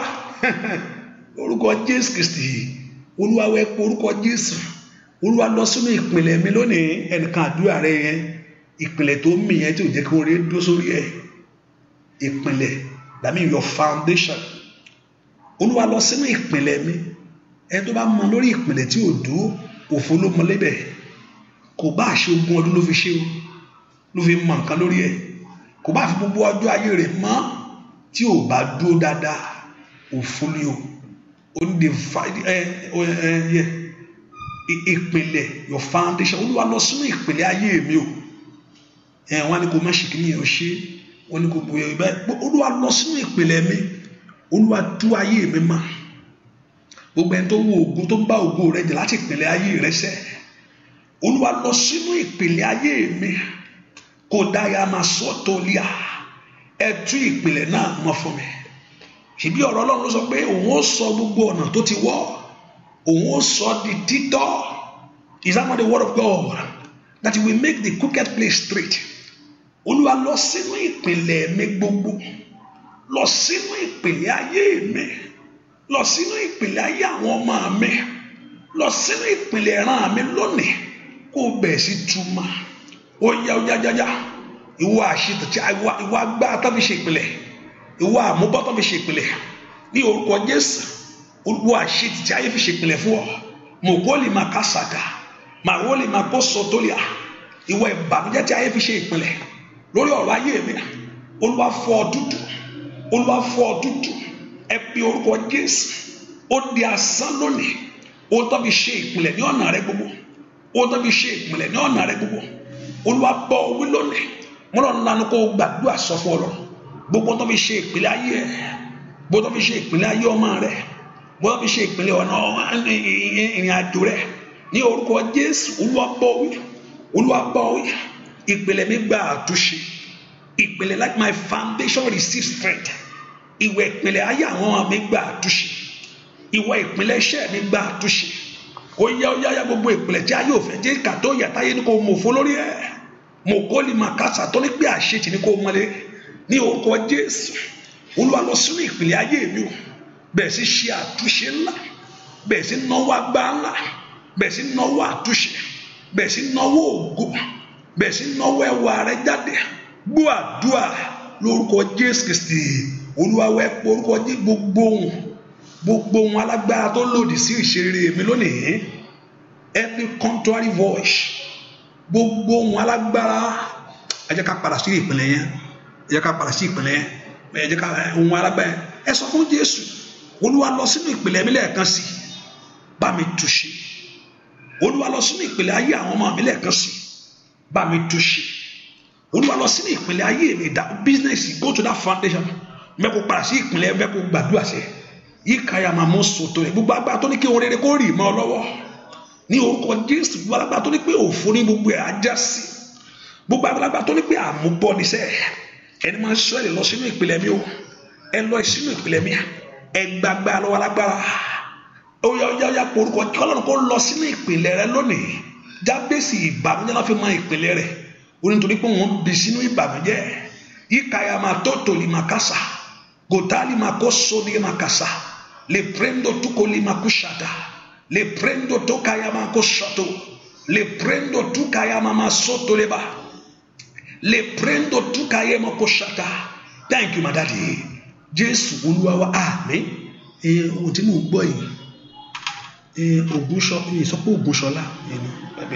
orúkọ jésù kristi yìí olúwa wẹ orúkọ jésù olúwa lọ sínú ìpìlẹ̀ mi lónìí ẹnìkan àdúrà rẹ yẹn ìpìlẹ̀ tó mì yẹn tí ò jẹ́ kí oore dó sórí ẹ̀ ìpìlẹ̀ that means your foundation olúwa lọ sínú ìpìlẹ̀ mi ẹni tó bá mọ lórí ìpìlẹ̀ tí ò dúró òfo ló mọ lébẹ̀ kò bá àṣe ogún ọdún ló fi ṣe o ló fi mọ nǹkan lórí ẹ̀ kò bá fi gbogbo ọjọ́ ayé rẹ̀ mọ́ tí ò bá dúró dáadáa òfo ìpìlẹ̀ your foundation olúwa lọ sínú ìpìlẹ̀ ayé mi o ẹ wọn ni kò má ṣe kíní yẹn ṣe wọn ni kò bóyá ìbá olúwa lọ sínú ìpìlẹ̀ mi olúwa tú ayé mi ma. gbogbo ẹni tó wo ògùn tó ń bá ògùn rẹ jẹ láti ìpìlẹ̀ ayé rẹ sẹ olúwa lọ sínú ìpìlẹ̀ ayé mi kò dára máa sọ tó lẹ́à ẹ tú ìpìlẹ̀ náà mọ́ fún mi ṣèbí ọ̀rọ̀ ọlọ́run ló sọ pé òun ó sọ gbogbo ọ̀nà tó ti wọ́ òun ó sọ di títọ́ is that not the word of God that will make the crooked place straight olúwa lọ sínú ìpìlẹ̀ mi gbogbo lọ sínú ìpìlẹ̀ ayé mi lọ sínú ìpìlẹ̀ ayé àwọn ọmọ mi lọ sínú ìpìlẹ̀ ẹ̀ràn mi lónìí kó o bẹ̀rẹ̀ sí túmọ̀ ó yá ó yá yá yá ìwọ àṣetò tí ìwọ agbára tó fi ṣe ìpìlẹ̀ ìwọ àmúbọ́tọ́ fi ṣèpìlẹ̀ ní orúkọ jésù olúwa ṣe ti ayé fi ṣèpìlẹ̀ fún ọ mọ̀kólì máa ká sàgà màwólì máa kó sọtólìà ìwọ ìbànújẹ́ tí ayé fi ṣe ìpìlẹ̀ lórí ọ̀rọ̀ ayé mi olúwa fọ dúdú olúwa fọ dúdú ẹ pe orúkọ jésù ó di asán lónìí ó tó fi ṣe ìpìlẹ̀ ní ọ̀nà rẹ gbogbo ó tó fi ṣe ìpìlẹ̀ ní ọ̀nà rẹ gbogbo olúwa bọ́ wí lónìí mọ́lọ́nù lánàá kó gbàdúrà sọ fún ọlọ́run gbogbo tó fi ṣe ìpìlẹ̀ ayé ẹ̀ gbogbo tó fi ṣe ìpìlẹ̀ ayé ọmọ rẹ̀ gbogbo tó fi ṣe ìpìlẹ̀ ọ̀nà ìrìn àjò rẹ̀ ní orúkọ Jésù olúwàbọ̀wí olúwàbọ̀wí ìpìlẹ̀ mi gba àtúnṣe ìpìlẹ̀ like my foundation receive strength ìwọ ìpìlẹ̀ ayé àwọn ọmọ mi gba àtúnṣe ìwọ ìpìlẹ̀ iṣẹ́ mi gba àtúnṣe ó yá ó yáyá gbogbo ìpìlẹ̀ tí ayé òfin jẹ́ kàtó yàtáyé ni kò mọ̀ fún lórí ẹ̀ mọ̀ kó lè mà kásà tó ní pé àṣetì ni kò mọ̀lẹ́ ní orúkọ jésù olúwa lọ sínú ìpìlẹ̀ ayé mi o bẹ̀rẹ̀ sí ṣe àtúnṣe ńlá bẹ̀rẹ̀ sí náwó agbára ńlá bẹ̀rẹ̀ sí náwó àtúnṣe bẹ̀rẹ̀ sí náwó ògo bẹ̀rẹ̀ sí náwó ẹwà rẹ jáde gbọ́ àdúrà lórúkọ jésù kristi olúwa wẹ́ pé orúkọ jésù gbogbo ohun gbogbo ohun alágbára tó lòdì sí ìṣeré mi lónìí every contrary voice gbogbo ohun alágbára ẹ jẹ́ ká padà sí ìpìlẹ̀ yẹn ẹ jẹ́ ká padà sí ìpìlẹ̀ yẹn ẹ jẹ́ ká ohun alágbá yẹn ẹ sọ fún Jésù Olúwa lọ sínú ìpìlẹ̀ mi lẹ́ẹ̀kan sí bá mi tú ṣe Olúwa lọ sínú ìpìlẹ̀ ayé àwọn ọmọ mi lẹ́ẹ̀kan sí bá mi tú ṣe Olúwa lọ sínú ìpìlẹ̀ ayé mi that business go to that foundation mẹ́kò padà sí ìpìlẹ̀ mẹ́kò gbàdúrà sí yíkàyà máa mú sòtò rẹ̀ gbogbo agbára tó ní kí ohun rere kó rì mọ́ ọ lọ́wọ́ ní orúkọ Jésù gbogbo alágbára tó ní pé òfò ní gbogbo ẹ̀ á já sí gbogbo alágbára tó ní pé àmúbọ́ níṣẹ́ ẹni máa ń sọ ẹ lọ sínú ìpìlẹ̀ mi o ẹ lọ sínú ìpìlẹ̀ mi ẹ gbàgbà lọ́wọ́ alágbára ó yá ó yá ó yá porúkọ kí ọlọ́run kó lọ sínú ìpìlẹ̀ rẹ lónìí jábèsì ìbànújẹ́ láfi mọ ìpìlẹ̀ rẹ ó pé wọ́n bì sínú ìbànújẹ́ ìkàyà máa tó tòlì máa kásà gòtálì máa kó sóni máa kásà lè prendo tukoli máa kú ṣàdá lè prendo tó máa kó ṣàtó lè prendo tó kàyà máa máa sótó lè bá le prendo tukaye mokoshata thank you my daddy jésù olúwa wa àmín ohun tí mò ń gbọ́ yìí ògúnṣọ ìsọpọ̀ ògúnṣọlá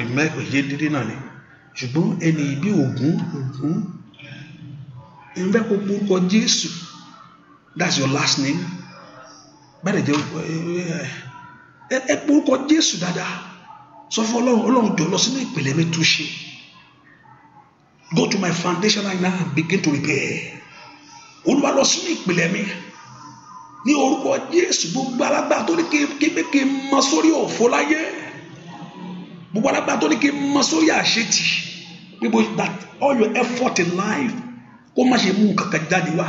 ẹ̀mẹ́ òye dídí náà ni ṣùgbọ́n ẹni bí ògún ògún ẹ̀mẹ́ kó porúkọ jésù that's your last name bẹ́ẹ̀ jẹ́ ẹ porúkọ jésù dáadáa sọ fún ọlọ́run ọlọ́run jọ lọ sínú ìpìlẹ̀ mi túnṣe go to my foundation right now and begin to repair olúwa lọ sínú ìpìlẹ̀ mi ní orúkọ jésù gbogbo alágbára tó ní kébé kí n mọ sórí òfo láyé gbogbo alágbára tó ní kí n mọ sórí àṣetì people that all your effort in life kó má ṣe mú kankan jáde wá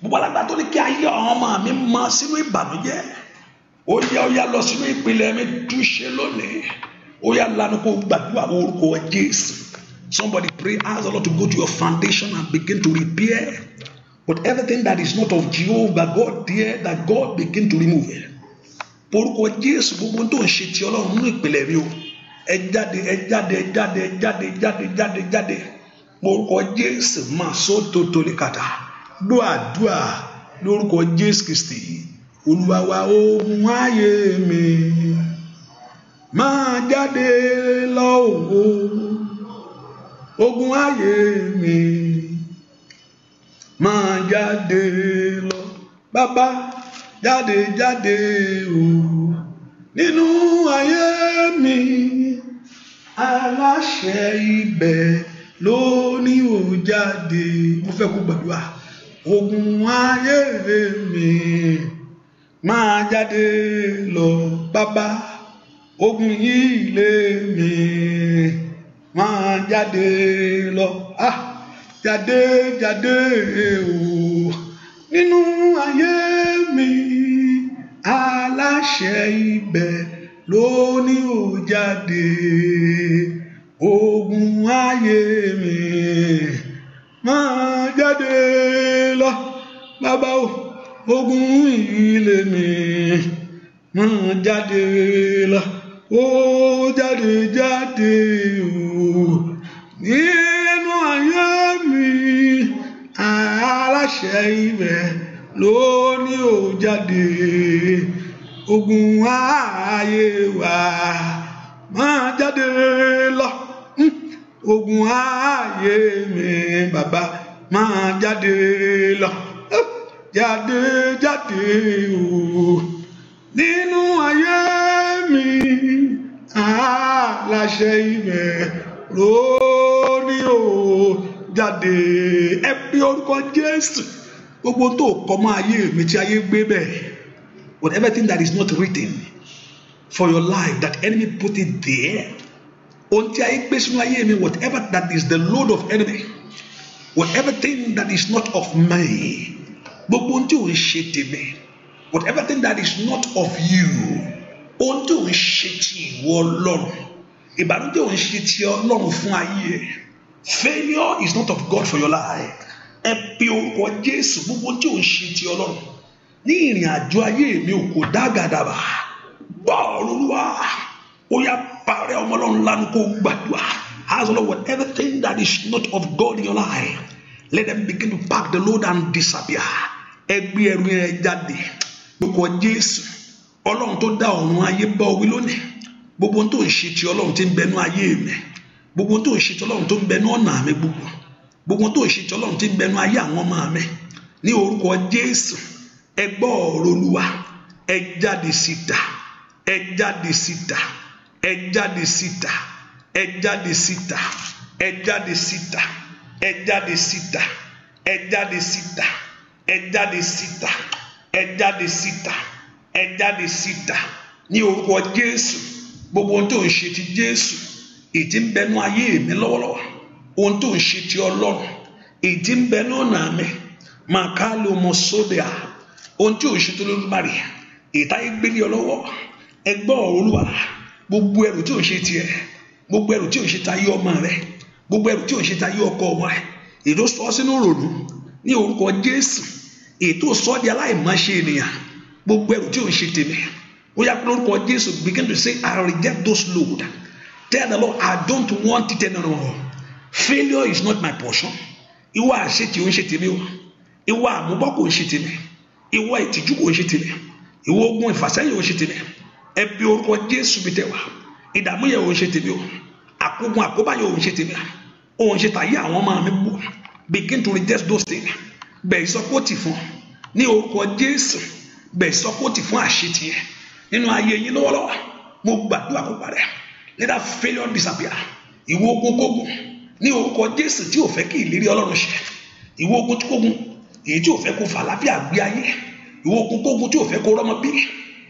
gbogbo alágbára tó ní kí ayé àwọn ọmọ mi mọ sínú ìbànújẹ́ ó yá ó yá lọ sínú ìpìlẹ̀ mi túnṣe lónìí ó lanu kó gbàdúrà orúkọ jésù. Somebody pray, ask the Lord to go to your foundation and begin to repair but everything that is not of Jehovah God dear, that God begin to remove it. Porúkọ Jésù gbogbo tó ń ṣe ti Ọlọ́run nínú ìpìlẹ̀ mi o. Ẹ jáde ẹ jáde ẹ jáde ẹ jáde jáde jáde jáde. Porúkọ Jésù máa sọ tòótọ́ lè kàtà. Dúà dúà lórúkọ Jésù Kristì. Olúwa wa ohun ayé mi máa jáde lọ́wọ́ ogun ayé mi máa jáde lọ bàbá jáde jáde o nínú ayé mi aláṣẹ ibẹ̀ ló ní ò jáde mo fẹ́ kó gbàdúrà ogun ayé mi máa jáde lọ bàbá ogun yìí lé mi máa jáde lọ ah jáde jáde o nínú ayé mi aláṣẹ ibẹ̀ ló ní ò jáde ogun ayé mi máa jáde lọ bàbá o ogun ilé mi máa jáde lọ. o jáde jáde o nínú ayé mi aláṣẹ ibẹ̀ ló ní o jáde ogun ayé wa máa jáde lọ hmm, ogun ayé mi bàbá máa jáde lọ jáde jáde o nínú ayé mi. aláṣẹ ibẹ̀ róní o jáde ẹ pé orúkọ Jésù gbogbo tó kọ mọ́ ayé mi tí ayé gbé bẹ́ẹ̀ whatever thing that is not written for your life that enemy put it there ohun tí ayé gbé sínú ayé mi whatever that is the load of enemy whatever thing that is not of me gbogbo ohun tí ò ń ṣe tèmi whatever thing that is not of you ohun tí òun ṣe ti ìwọ ọlọ́run ìbànújẹ́ òun ṣe ti ọlọ́run fún ayé ẹ failure is not of God for your life ẹ pe orúkọ Jésù gbogbo tí òun ṣe ti ọlọ́run ní ìrìn àjò ayé mi ò kò dágàdàbà gbọ́ olúwa ó yá parẹ́ ọmọ ọlọ́run lánàá kó gbàdúrà ask Lord whatever thing that is not of God in your life let them begin to pack the load and disappear ẹ gbé ẹrù yẹn jáde gbogbo Jésù ọlọ́run tó dá ọ̀run ayé bá ọ wí lónìí gbogbo tó ń ṣe ti ọlọ́run tí ń bẹnu ayé mi gbogbo tó ń ṣe ti ọlọ́run tó ń bẹnu ọ̀nà mi gbogbo gbogbo tó ń ṣe ti ọlọ́run tí ń bẹnu ayé àwọn ọmọ mi ní orúkọ jésù ẹ ọ̀rọ̀ olúwa ẹ jáde síta ẹ jáde síta ẹ jáde síta ẹ jáde síta ẹ jáde síta ẹ jáde síta ẹ jáde síta ẹ jáde síta ẹ jáde síta. ẹ si síta ní orúkọ Jésù gbogbo ohun tó ń ṣe ti Jésù ètí ń bẹnu ayé mi lọ́wọ́lọ́wọ́ ohun tó ń ti Ọlọ́run ètí ń bẹnu ọ̀nà mi ohun tí ò ṣe tó lórúbárì ìta ìgbélé ọlọ́wọ́ gbogbo ẹrù tí ò ṣe tiẹ̀ gbogbo ẹrù tí o ń ṣe tayé ọmọ rẹ gbogbo ẹrù tí ọkọ wa sọ sínú ròdù ní orúkọ Jésù ètò di gbogbo ẹrù tí ò ń ṣe tèmi ó yá lórúkọ Jésù begin to say I reject those load tell the Lord I don't want it anymore failure is not my portion ìwọ àṣetì ò ń ṣe tèmi o ìwọ àmúbọ́ kò ń ṣe tèmi ìwọ ìtìjú kò ń ṣe tèmi ìwọ ogun ìfàsẹ́yìn ò ń ṣe tèmi ẹbí orúkọ Jésù bí tẹwàá ìdààmú yẹn ò ń ṣe tèmi o àkógun àkóbá yẹn ò ń ṣe tèmi ò ń ṣe tàyé àwọn ọmọ mi bò begin to reject those things bẹ̀rẹ̀ sọ fún ní orúkọ Jésù gbẹ̀sọ́ kó tì fún àṣetì yẹn nínú ayé yín lọ́wọ́lọ́wọ́ mo gbàdúrà kó parẹ́ let that failure disappear ìwọ ogun kógun ní orúkọ Jésù tí ò fẹ́ kí ìlérí Ọlọ́run ṣe ìwọ ogun tí kógun èyí tí ò fẹ́ kó fàlàfíà gbé ayé ìwọ ogun kógun tí ò fẹ́ kó rọ́mọ bí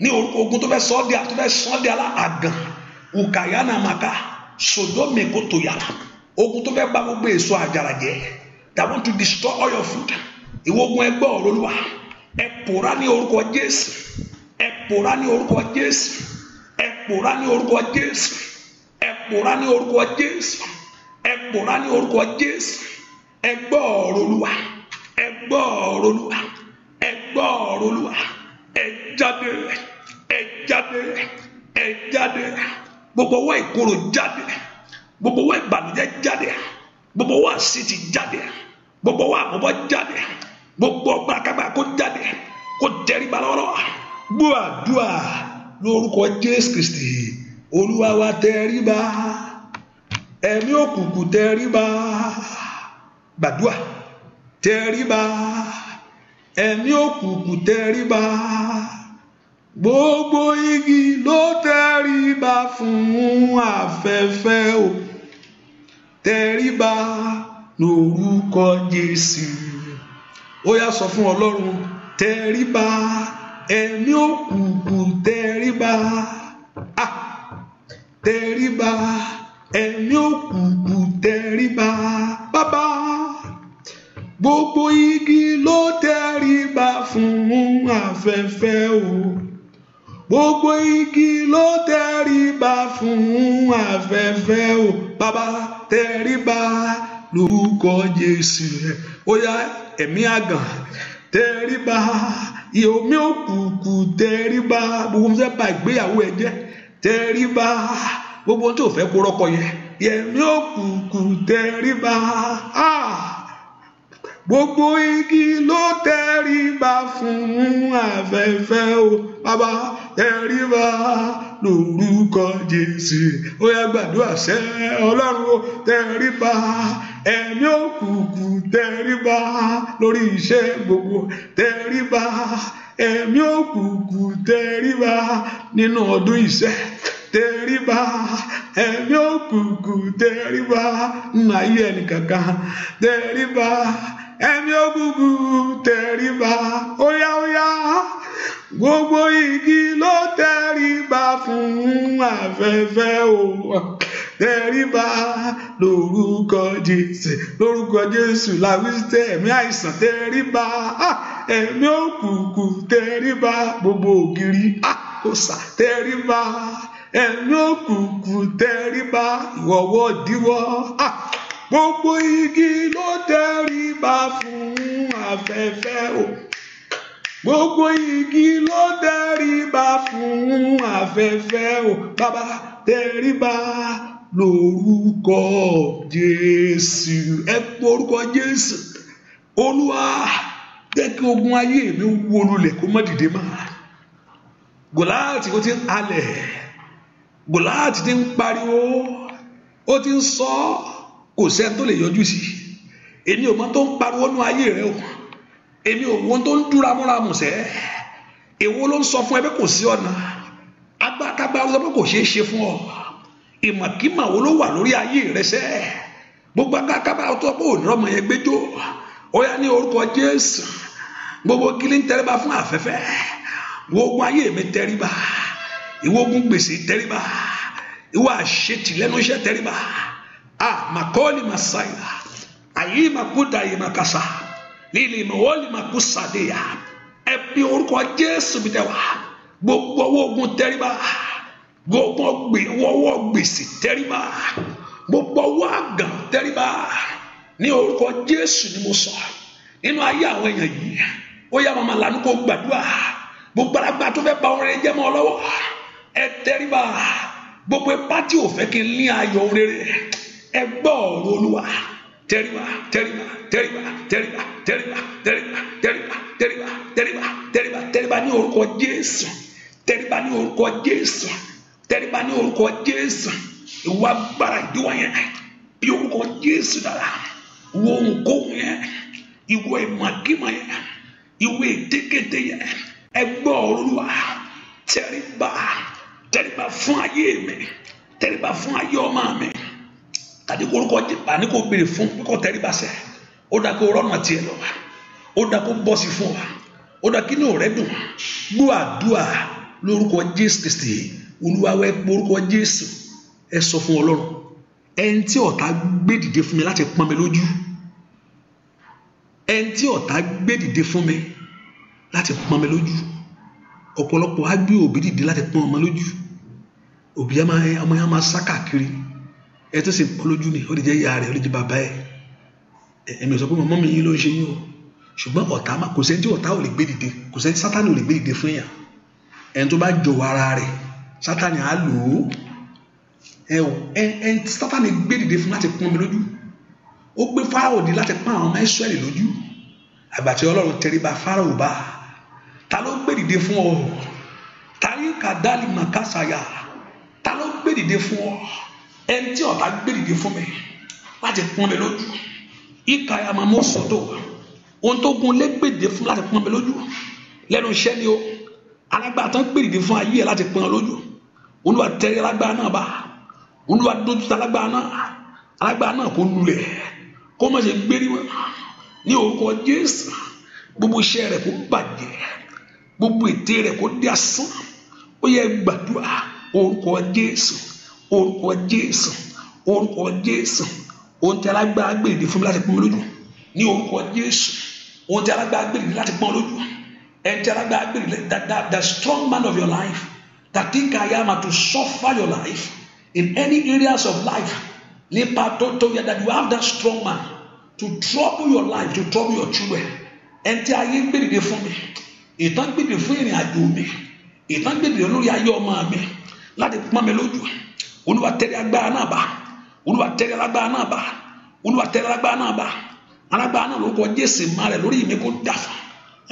ní orúkọ ogun tó fẹ́ sọ́ di tó fẹ́ sọ́ di àgàn ukayana maka sodomi kò tó yàrá ogun tó fẹ́ gba gbogbo èso àjàrà jẹ that want to destroy all your food ìwọ ogun ẹgbẹ́ ọ̀rọ̀ Olúwa ẹ pòórá ní orúkọ jésù ẹ pòórá ní orúkọ jésù ẹ pòórá ní orúkọ jésù ẹ pòórá ní orúkọ jésù ẹ pòórá ní orúkọ jésù ẹ gbọ́ ọ̀rọ̀ olúwa ẹ gbọ́ ọ̀rọ̀ olúwa ẹ gbogbo owó ìkorò jáde gbogbo owó ìbànújẹ́ jáde gbogbo owó àṣìṣì jáde gbogbo owó àmúbọ jáde gbogbo ọgbàkàgbà kó jáde kó tẹríba lọ́wọ́lọ́wọ́ gbọ́ àdúrà lórúkọ jésù kristi olúwa wa tẹríba ẹ̀mí òkùnkùn tẹríba gbàdúà tẹríba ẹ̀mí òkùnkùn tẹríba gbogbo igi ló tẹríba fún afẹ́fẹ́ o tẹríba lórúkọ jésù ó yá sọ fún ọlọ́run tẹríba ẹ̀mí òkùnkùn tẹríba ah tẹríba ẹ̀mí òkùnkùn tẹríba bàbá gbogbo igi ló tẹríba fún afẹ́fẹ́ o gbogbo igi ló tẹríba fún afẹ́fẹ́ o bàbá tẹríba lórúkọ Jésù rẹ ó yá ẹ̀mí àgàn tẹríba ìhòmí òkùnkùn tẹríba gbogbo mi ba ìgbéyàwó ẹ jẹ́ tẹríba gbogbo tí ò fẹ́ kó rọ́pò yẹ ẹ̀mí òkùnkùn tẹríba. Ah! gbogbo igi ló tẹríba fún afẹ́fẹ́ o bàbá tẹríba lórúkọ jésù ó yá gbàdúrà sẹ ọlọ́run ó tẹríba ẹ̀mí òkùnkùn tẹríba lórí iṣẹ́ gbogbo tẹríba ẹ̀mí òkùnkùn tẹríba nínú ọdún iṣẹ́ tẹríba ẹ̀mí òkùnkùn tẹríba nínú ayé ẹnìkankan tẹríba ẹ̀mí ògùngùn tẹríba óyáóyá gbogbo igi ló tẹríba fún afẹ́fẹ́ o tẹríba lórúkọ Jésù lórúkọ Jésù làwísítẹ ẹ̀mí àìsàn tẹríba ah, ẹ̀mí òkùnkùn tẹríba gbogbo ògiri àkóso ah, tẹríba ẹ̀mí òkùnkùn tẹríba ìwọwọ díwọ. Ah, gbogbo igi ló tẹríba fún afẹ́fẹ́ o gbogbo igi ló tẹríba fún afẹ́fẹ́ o bàbá tẹríba lórúkọ Jésù ẹ pọ orúkọ Jésù Olúwa jẹ́ kí ogun ayé mi wó lulẹ̀ kó má dìde mọ́ Gòláàtì ó ti ń halẹ̀ Gòláàtì ti ń pariwo ó ti ń sọ ọ́ kò sẹ́ni tó lè yọjú sí èmi ò mọ tó ń pariwo nú ayé rẹ o èmi ò wo tó ń dúra múra mùsẹ́ èwo ló ń sọ fún ẹ pé kò sí ọ̀nà agbátagbá ló sọ pé kò ṣeé ṣe fún ọ ìmọ̀kímọ̀ wo ló wà lórí ayé rẹ sẹ́ gbogbo agbátagbá tó pé òní ọmọ yẹn gbẹjọ ó yá ní orúkọ Jésù gbogbo kílí ń tẹríba fún afẹ́fẹ́ gbogbo ayé mi tẹríba ìwọ ogun gbèsè tẹríba ìwọ àṣetì lẹ́nu iṣẹ́ tẹríba ah makoli masaila ayi makuda yi makasa lili mawoli makusadeya ẹbí orúkọ jésù bí tẹwà gbogbo ọwọ́ ogun tẹríba gbogbo ọwọ́ gbèsè tẹríba gbogbo ọwọ́ àgàn tẹríba ní orúkọ jésù ni mo sọ nínú ayé àwọn èèyàn yìí ó yá màmá lànà kó gbàdúrà gbogbo alágbá tó fẹ́ ba orin jẹ́ mọ́ ọ lọ́wọ́ ẹ e tẹríba gbogbo ipá ò fẹ́ kí n ní ayọ̀ rere ẹ gbọ́ ọ̀rọ̀ olúwa tẹríba tẹríba tẹríba tẹríba tẹríba tẹríba tẹríba tẹríba tẹríba tẹríba tẹríba ní orúkọ jésù tẹríba ní orúkọ jésù tẹríba ní orúkọ jésù ìwà gbára ìdíwọ̀ yẹn bí orúkọ jésù dára wo ohunkóhun yẹn ìwọ ìmọ̀kímọ̀ yẹn ìwọ ètékété yẹn ẹ olúwa tẹríba tẹríba fún ayé mi tẹríba fún ayé ọmọ mi tàbí korúkọ àní kò béèrè fún kó tẹríba sẹ ó dà kó rọnà tiẹ̀ lọ wa ó dà kó bọ́sì fún wa ó dà kí ní ọ̀rẹ́ dùn gbọ́ àdúà lórúkọ jésù kristi olúwawẹ́ orúkọ jésù ẹ sọ fún ọlọ́run ẹni tí ọ̀tá gbé dìde fún mi láti pọ́n mi lójú ẹni tí ọ̀tá gbé dìde fún mi láti pọ́n mi lójú ọ̀pọ̀lọpọ̀ á gbé òbí dìde láti pọ́n ọmọ lójú òbí ọmọ yẹn máa sá káàkiri ẹ tó sì polójú ni ó lè jẹ́ ìyá rẹ̀ ó lè jẹ́ bàbá ẹ̀ ẹ̀mí ò sọ pé mọ́ mi yín ló ń ṣe yín o ṣùgbọ́n ọ̀tá kò sẹ́ni tí ọ̀tá ò lè gbé dìde kò sẹ́ni tí sátani ò lè gbé dìde fún èèyàn ẹni tó bá jọ̀wọ́ ara rẹ̀ sátani á lò ó ẹ ò ẹ ẹ sátani gbé dìde fún láti pọ́n mi lójú ó gbé fáráò di láti pọ́n àwọn ọmọ Ísírẹ́lì lójú àgbàtí Ọlọ́run tẹríba fáráò bá ta ló gbé dìde fún ọ tayé kàdálì màkàsàyà ta ló gbé dìde fún ọ ẹni tí ọ̀tá gbèrìdì fún mi láti pọ́n mi lójú ìka àmọ́ mo sọ̀tò ohun tó gun lé gbèdè fún láti pọ́n mi lójú lẹ́nu iṣẹ́ ni o alágbàtàn gbèrìdì fún ayé ẹ̀ láti pọ́n ọ lójú olúwa tẹ́rẹ́ alágbára náà bá olúwa dójú tì alágbára náà alágbára náà kò lulẹ̀ kó má ṣe gbérí wọn ní orúkọ Jésù gbogbo iṣẹ́ rẹ̀ kó bàjẹ́ gbogbo ète rẹ̀ kó di asán ó yẹ gbàdúrà orúkọ Jésù orúkọ jésù orúkọ jésù ohun tí alágbára gbèrèdè fún mi láti pọ́n mi lójú ní orúkọ jésù ohun tí alágbára gbèrèdè láti pọ́n lójú ẹni tí alágbára gbèrèdè that that the strong man of your life that think I am to suffer your life in any areas of life nípa tó tó yẹ that you have that strong man to trouble your life to trouble your children ẹni tí ayé gbèrèdè fún mi ìtàn gbèrèdè fún ìrìn àjò mi ìtàn gbèrèdè lórí ayé ọmọ mi láti pọ́n mi lójú olúwa tẹ́lẹ̀ agbára náà bá olúwa tẹ́lẹ̀ alágbára náà bá olúwa tẹ́lẹ̀ alágbára náà bá alágbára náà lórúkọ jésù má rẹ̀ lórí mi kó dàfà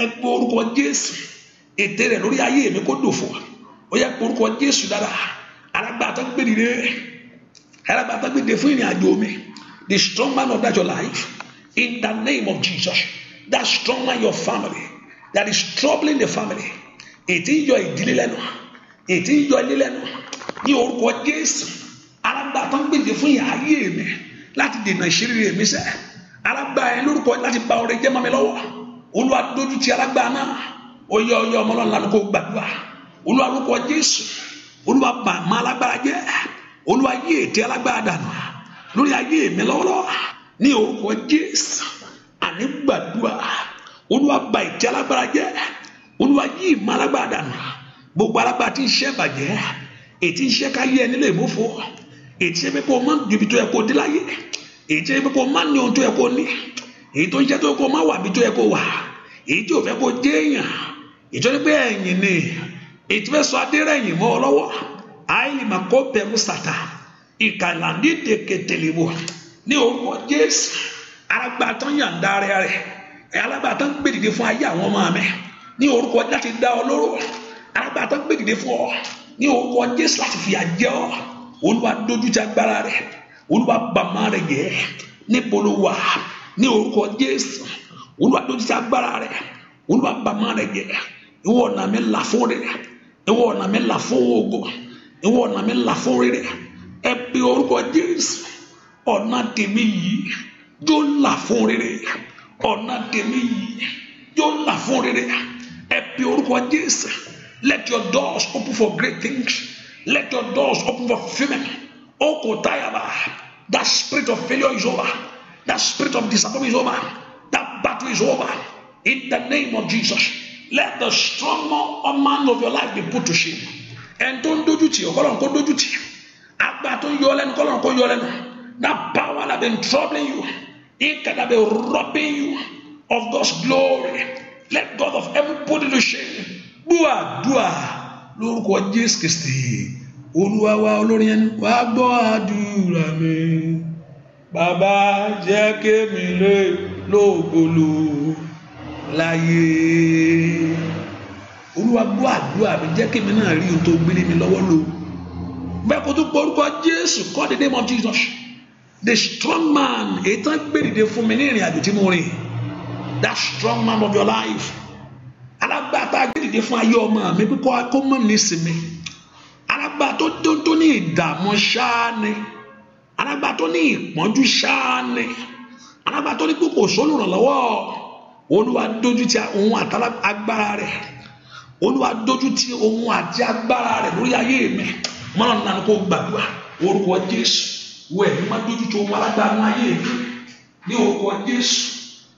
ẹ pé orúkọ jésù ètè rẹ̀ lórí ayé mi kó dòfò ó yẹ pé orúkọ jésù dára alágbára tó gbé dìde alágbára tó gbé dìde fún ìrìn àjò mi the strong man of that your life in the name of jesus that strong man your family that is troubling the family ètí yọ ìdílé lẹ́nu ètí yọ ilé lẹ́nu ní orúkọ Jésù alágbá tó ń pèsè fún ìyá ayé mi láti dènà ìṣeré mi sẹ alágbá yẹn lórúkọ láti bá ọrẹ jẹ mọ́ mi lọ́wọ́ Olúwa dójú ti alágbá náà oyè oyè ọmọ Ọlọ́run lánàá kó gbàdúrà Olúwa lórúkọ Jésù Olúwa màmá alágbára jẹ Olúwa yí ètè alágbára dànù lórí ayé mi lọ́wọ́lọ́wọ́ ní orúkọ Jésù àní gbàdúrà Olúwa bà ètè alágbára jẹ Olúwa yí ìmọ̀ alágbára dànù gbogbo alágbára ti ń ṣẹ́ bàjẹ́ ètí ń ṣe káyé ẹni lè mófo ètí ṣe pípọ̀ má ibi tó yẹ kó dé láyé ètí ṣe pípọ̀ má ní ohun tó yẹ kó ní èyí tó ń jẹ́ tó yẹ kó má wà bí tó yẹ kó wà èyí tí ò fẹ́ kó jẹ́ èèyàn ìjọba pé ẹ̀yìn ni ètí fẹ́ sọ adérẹ̀yìn mọ́ ọ lọ́wọ́ àìlè mà kó bẹ̀rù sàtà ìkàlà nídè kẹtẹlẹ ní orúkọ Jésù alágbàtàn yàǹda rẹ rẹ alágbàtàn gbèdìde fún ayé àwọn ọmọ mi ní orúkọ láti dá ọ lóró alágbàtàn gbèdìde fún ọ ní orúkọ jésù láti fìyà jẹ ọ́ olúwa dojú ti agbára rẹ̀ olúwa bàmá rẹ̀ jẹ́ níbo ló wà ní orúkọ jésù olúwa dojú ti agbára rẹ̀ olúwa bàmá rẹ̀ jẹ́ ìwọ ọ̀nà mi là fún rere ìwọ ọ̀nà mi là fún ògo ìwọ ọ̀nà mi là fún rere ẹ pe orúkọ jésù ọ̀nà tèmi yìí yóò là fún rere ọ̀nà tèmi yìí yóò là fún rere ẹ pe orúkọ jésù. Let your doors open for great things. Let your doors open for fulfillment. Okotayaba. That spirit of failure is over. That spirit of disappointment is over. That battle is over. In the name of Jesus. Let the strong man of your life be put to shame. Ẹni tó ń dojú tì ọ̀kọ́lọ́n kó dojú tì. Agbá tó ń yọ That power that been troubling you. It that have been robbing you of God's glory. Let God of heaven put to shame gbọ́ àdúà lórúkọ Jésù Kristi olúwa wa olórin ẹni wá gbọ́ àdúrà mi bàbá jẹ́ kémi lé lóògbòlò láyé olúwa gbọ́ àdúrà mi jẹ́ kémi náà rí ohun tó gbélé mi lọ́wọ́ lò bẹ́ẹ̀ kó tó pọ̀ orúkọ Jésù call the name of Jesus the strong man èyí tán gbèrèdè fún mi ní ìrìn àjò tí mo rìn that strong man of your life alágbàtà agídìde fún ayé ọmọ mi kíkọ́ kó mọ̀ nísìmí alágbà tó tó ní ìdààmú ṣáá ni alágbà tó ní ìpọ́njú ṣáá ni alágbà tó ní kókò sólùrànlọ́wọ́ olúwa dójú ti òun àtàlágbára rẹ̀ olúwa dójú ti òun àti agbára rẹ̀ lórí ayé mi mọ́nà nínú kó gbàdúrà orúkọ jésù wo ẹ̀mí má dójú ti òun alágbára ayé mi ní orúkọ jésù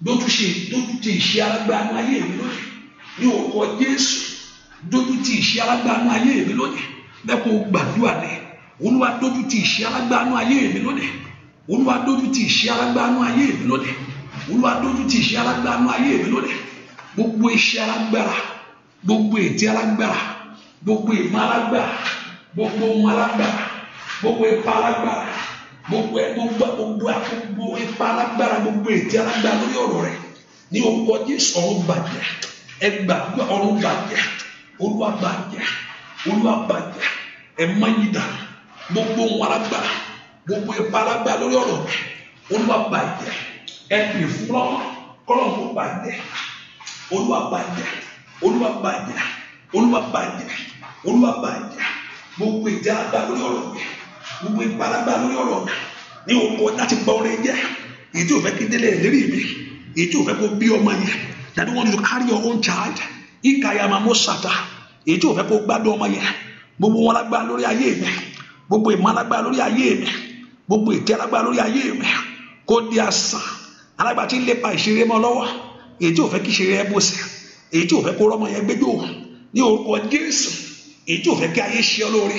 dójú ti ìṣe alágbára ayé mi lónìí ní orúkọ Jésù dójú ti ìṣe alágbánú ayé mi lónìí bẹ́ẹ̀ kó gbàdúrà ní Olúwa dójú ti ìṣe alágbánú ayé mi lónìí Olúwa dójú ti ìṣe alágbánú ayé mi lónìí Olúwa dójú ti ìṣe alágbánú ayé mi lónìí gbogbo iṣẹ́ alágbára gbogbo ètí alágbára gbogbo ìmọ̀ alágbára gbogbo ohun alágbára gbogbo ipa alágbára gbogbo gbogbo gbogbo gbogbo ipa alágbára gbogbo ètí alágbára lórí ọ̀rọ̀ rẹ̀ ní orúkọ Jésù ọ̀hún bàjẹ́ ẹ gbàdúrà ọrùn gbàjà olúwa gbàjà olúwa gbàjà ẹ má yí dà gbogbo ohun alágbà gbogbo ipa alágbà lórí ọ̀rọ̀ mi olúwa gbàjà ẹ pè fún lọ kọ́lọ̀ kó gbàjà olúwa gbàjà olúwa gbàjà olúwa gbàjà olúwa gbàjà gbogbo ìjà alágbà lórí ọ̀rọ̀ mi gbogbo ipa alágbà lórí ọ̀rọ̀ mi ní òkú láti gbọ́ orin jẹ́ èyí tí kí délé ìlérí mi èyí tí kó bí ọmọ yẹn that want you to carry your own child ikayamamo sata èyí tí ò fẹ́ kó gbádùn ọmọ yẹn gbogbo wọn lágbára lórí ayé mi gbogbo ìmọ̀ alágbára lórí ayé mi gbogbo ìtẹ́ alágbára lórí ayé mi kó di àṣà alágbára tí ń lépa ìṣeré mọ́ lọ́wọ́ èyí tí ò fẹ́ kí ìṣeré ẹ bó sí èyí tí ò fẹ́ kó rọ́mọ yẹn gbẹ́jọ́ ní orúkọ Jésù èyí tí ò fẹ́ kí ayé ṣe ọ lórí